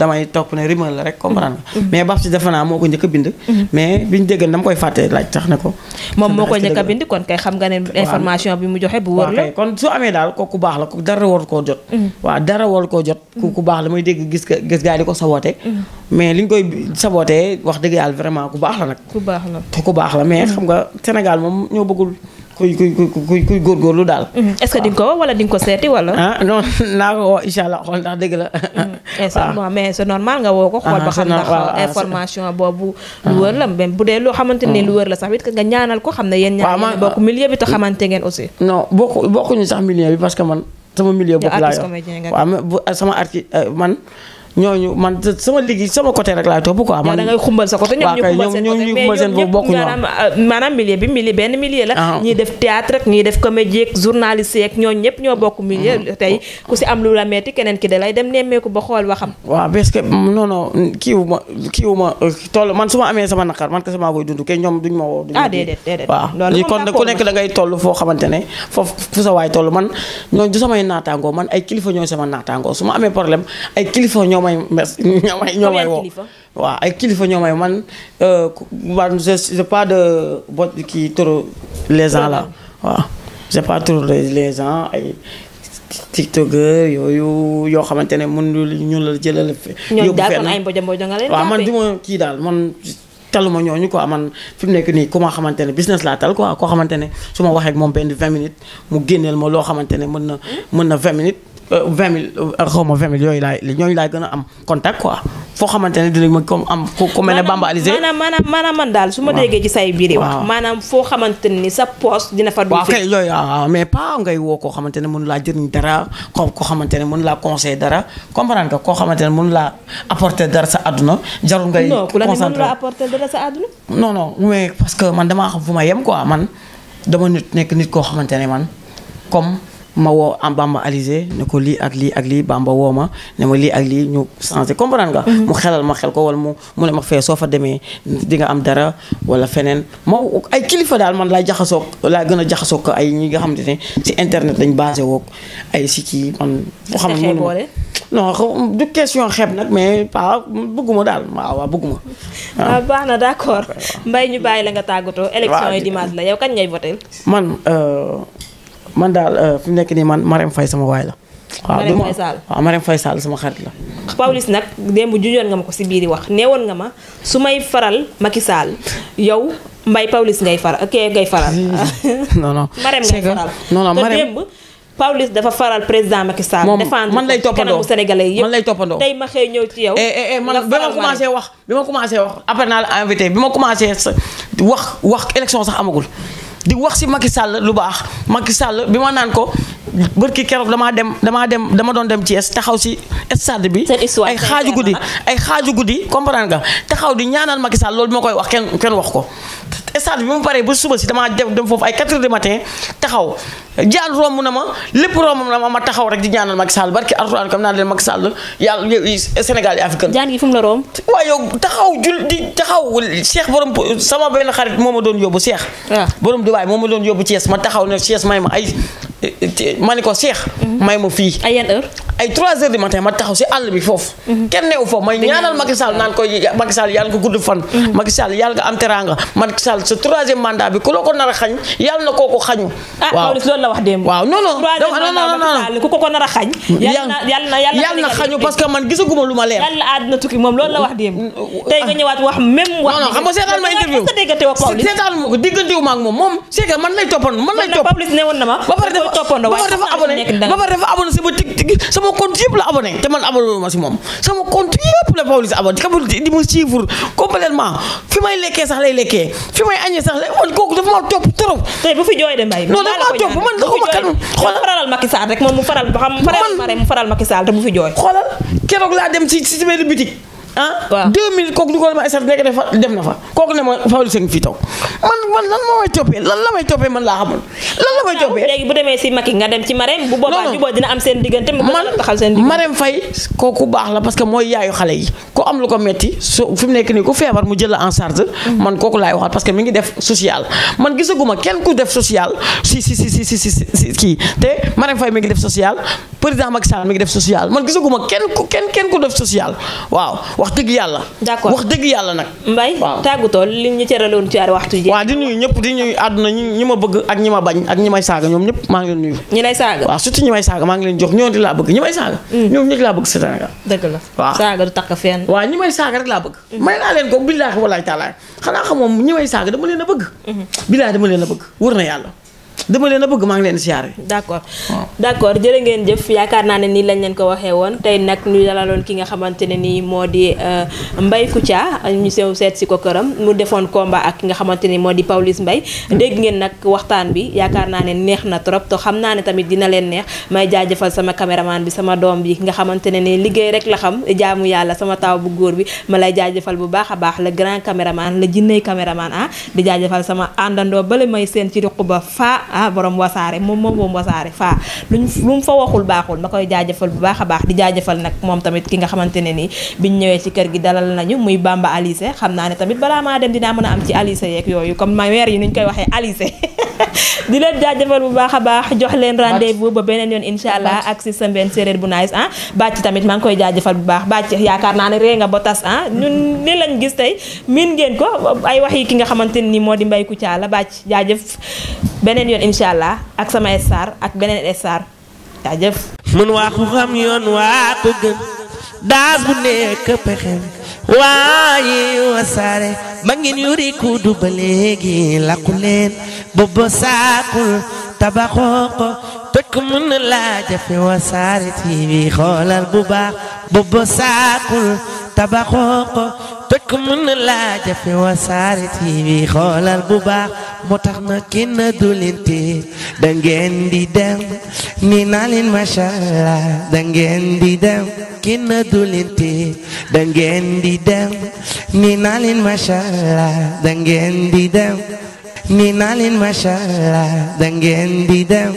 damay topp ne rimal la rek comprendre nga. Mm-hmm. mais baf si defe naa moo ko njëkk a bind. Mm-hmm. mais biñ dégg dama koy fàtte laaj tax ne ko. moom moo ko njëkk a bind kon kay xam nga ne information bi mu joxe bu wër la. kon su amee daal kooku baax la ku dara war koo jot. waaw dara war koo jot. ku ku baax la may dégg kuy kuy kuy kuy góorgóorlu daal. Mm-hmm. est-ce que di nga ko wax wala di ko seeti wala. ah naa ko woo incha allah xool ndax dëgg la. Mm-hmm. Ah, ah, information boobu. lu ah. wër la bu dee loo xamante ne lu mm. wër la sax it nga ñaanal ko xam ne yéen. waaw man ñaanal bokk milieu bi te xamante ngeen aussi. non bokku bokkuñu sax milieu bi parce que man. sama milieu bopp laa yor waaw sama artiste euh, man. ñooñu man sama liggéey sama côté rek laay topp quoi. man da ngay sa côté ñoom ñu xumbal seen côté mais ñoom ñëpp maanaam euh, maanaam milieu bi milieu benn milieu la. Ah, ah. ñii def théâtre ak ñii def comédie ak journaliste ak ñooñu ñëpp ñoo bokk milieu. Ah, tey ku si am lu la metti keneen ki da lay dem nemmeeku ba xool waxam. waaw parce que non non kii wu ma kii wu ma toll man su ma amee sama naqar man kese maa koy dund kay ñoom duñ ma woo. ah déedéet déedéet loolu moom kon ku nekk da ngay toll foo xamante ne foofu fu sa waay toll man ñooñu du samay naataangoo man ay kilifa ñooy sama naataangoo su ma amee problème ay kilifa ñoom ñoomay merci ñoomay ñoomay woo waaw ay kilifa ñoomay man euh, man je je pas de bot kii trop les gens là waaw j'ai les gens ay tiktokeur yooyu yoo xamante ne mën ñu la jëlal yóbbu fenn waaw man du ma kii daal man taluma ñooñu quoi man fi mu nekk nii ku ma xamante ne business laa tal quoi koo xamante ne su ma waxee moom benn 20 minutes mu génneel ma loo xamante ne mën na hmm? mën na 20 minutes Euh, vingt mille euh, xaw ma vingt mille yooyu laay ñooñu laay gën a am contact quoi foo xamante ne dinañ ma comme am ku mel ne Bamba Alizé maanaam maanaam maanaam man daal su ma déggee ci say biir wax maanaam foo xamante ni sa poste dina fa waaw kay yooyu waaw ah, ah, mais pas ngay woo koo xamante ne mënu laa jëriñ dara ko koo xamante ne mënu laa conseil dara comprendre nga koo xamante ne mënu laa apporter dara sa àdduna jarul ngay concentré apporter dara sa àdduna non non mais parce que man damaa xam fu ma yem ko man dama nit nekk nit koo xamante ne man comme ma woo am Bamba ne ko lii ak lii ak lii Bamba woo ma ne ma lii ak lii ñu changé comprendre nga. Mhm. mu xelal ma xel ko wala mu mu ne ma fee soo fa demee dinga am dara wala feneen ma ay kilifa daal man laa jaxasoo laa gën a jaxasoo ko ay ñi nga xam ne si internet lañ basé woog ay si xam ne mënuma du question xeeb nag mais ah bëgguma daal waaw waaw bëgguma. Ah, waaw baax na d'accord mbay ñu bàyyi la nga tàggatoo. élection yi dimanche la yow kañ ngay voté. man. Euh, man daal euh, fi nekk nii man Marème Faye sama waay la. Marème Faye Sall waaw Marème Faye Sall sama xarit la. Pawlish nag démb jujoon nga ma ko si biir i wax neewoon nga ma su may faral Macky Sall yow mbay Pawlish ngay faral kee ngay faral. non non Marème ngay faral non non Marème démb Pawlish dafa faral président Macky Sall. défendre man lay toppandoo sénégalais yëpp lay toppandoo. tey ma xëy ñëw ci yow. Eh, eh, eh, bi ma commencé wax bi ma wax après naa la invité bi ma commencé wax wax élection sax amagul. di wax si Macky Sall lu baax Macky Sall bi ma naan ko bërki keroog damaa dem damaa dem dama doon dem ci taxaw si stade bi. ay xaaju guddi ay xaaju guddi comprendre nga taxaw di ñaanal Macky Sall loolu bi ma koy wax kenn kenn wax ko. stade bi mu paree ba suba si damaa dem dem foofu ay 4 heures du matin taxaw jaan romb na ma lépp romb na ma ma taxaw rek di ñaanal Macky Sall barki Alxuraan comme naa leen Macky Sall yàlla Sénégal yi africain. jaan gi fu mu la romb. waaw yow taxaw jul di taxaw Cheikh borom sama benn xarit moo ma doon yóbbu Cheikh. Ah. Géejawaay moom ma doon yóbbu Thiès ma taxaw ne Thiès may ma ay ma ne ko Cheikh. may ma fii. ay yan heure ay 3 heures du matin ma taxaw si àll bi foofu. Mhm. kenn newu foofu may ñaanal Macky Sall naan koy Macky Sall yàlla nga gudd fan. Mhm. Macky Sall yàlla nga am teraanga Macky Sall sa la ko nar a ah, la wax démb. waaw non non non non non ku ko ko nar a xañ. yàlla na ma leer. yàlla àdduna tukki mm, ma ko diggantewu ma moom moom c' est que man lay toppoon man lay topp Pablis ne man moom sama compte yëpp la Pablis abonné te di ma suivre complètement sax lay lekkee fi may añee sax lay man kooku dafa ma topp trop. tey bu fi jooy de mbay. non dafa ma topp ma kan xoolal faralal Macky Sall rek moom mu faral ba xam mu te bu fi jooy. xoolal keroog laa dem ci ci benn bitik. ah. waaw 2000 kooku ñu ko ma esat nekk def dem na fa kooku ne ma Fawally Sène fii taw man man lan moo may toppee lan la may toppee man laa xamul. lan la may toppee léegi bu demee si Macky nga dem ci Marème. bu boobaa jubóo dina am seen diggante mu gën a taxal seen diggante Marème Faye kooku baax la parce que mooy yaayu xale yi ku am lu ko metti so fi mu nekk nii ku feebar mu jël la en charge. Mm-hmm. man kooku laay waxal parce que mi ngi def social man gisaguma kenn ku def social si si si si si si kii te Marème Faye mi ngi def social président Macky Sall mi ngi def social man gisaguma kenn ku kenn kenn ku def social waaw. wax dëgg yàlla. d'accord nag. mbay tàggatoo li ñu cëraloon ci waxtu ji. di nuyu ñëpp di nuyu àdduna ñi ma bëgg ak ñi ma bañ ak ñi may saaga ñoom ñëpp maa ngi leen nuyu. ñi lay saaga waaw surtout ñi may saaga maa ngi leen jox ñoo di laa bëgg ñi may saaga. Mm. ñoom ñi laa bëgg si Sénégal. dëgg la waaw saaga du takk fenn. waaw ñi may saaga rek laa bëgg. Mm. may naa leen ko billaahi walaahi taalaay xanaa xamoon ñi may saaga dama leen a bëgg. Mm-hmm. billaahi dama leen a bëgg wër na yàlla dama leen bëgg maa ngi leen siyaare d' accord d' accord jërë ngeen jëf yaakaar naa ne nii lañ leen ko waxee woon tey nag ñu dalaloon ki nga xamante ne nii moo di euh, Mbaye ñu sew seet si ko këram mu defoon combat ak ki nga xamante ni moo di Pawlish Mbaye dégg ngeen nag waxtaan bi yaakaar naa ne neex na trop te xam naa ne tamit dina leen neex may jaajëfal sama caméraman bi sama doom bi nga xamante ne nii liggéey rek la xam jaamu yàlla sama taw bu góor bi ma lay jaajëfal bu baax a baax le grand caméraman le jinney caméraman ah di jaajëfal sama àndandoo bale may seen ci ruq ba faa ah borom wasaare moom borom moom wasaare fa luñ fa waxul baaxul ma koy jaajëfal bu baax a baax di jaajëfal nak mom tamit ki nga xamante ne ni biñ ñëwee ci kër gi dalal nañu muy Bamba Alisé xam naa ne tamit balaa maa dem dinaa mën a am ci Alice yeeg yooyu comme ma weer yi nuñ koy waxee Alisé di bu baax a jox rendez-vous ba beneen yon incha allah ak si sa benn bu nice ah bàcc tamit maa ngi koy jaajëfal bu baax bàcc yaakaar naa ne nga ba tas ah ñun li lañ gis tey ngeen ko ay wax yi ki nga xamante ni moo di Mbaye Kouthia la yoon incha allah ak sama star ak beneen star jaajëf mën waa ku xam yoon waa ko gën daas bu nekk pexem waaye wasaare ba ngeen yuri ku ba léegi làqu leen boobu saakul tabaxoo ko tëkk mën na laa jafe wasaare TV xoolal bu baax boobu saakul tabaxoo ko toj ko mën na laa jafe Wassare TV xoolal bu baax moo tax na kenn du leen tee di dem ni naa leen macha allah da ngeen di dem ni naa leen macha allah da ngeen di dem ni naa leen macha allah di dem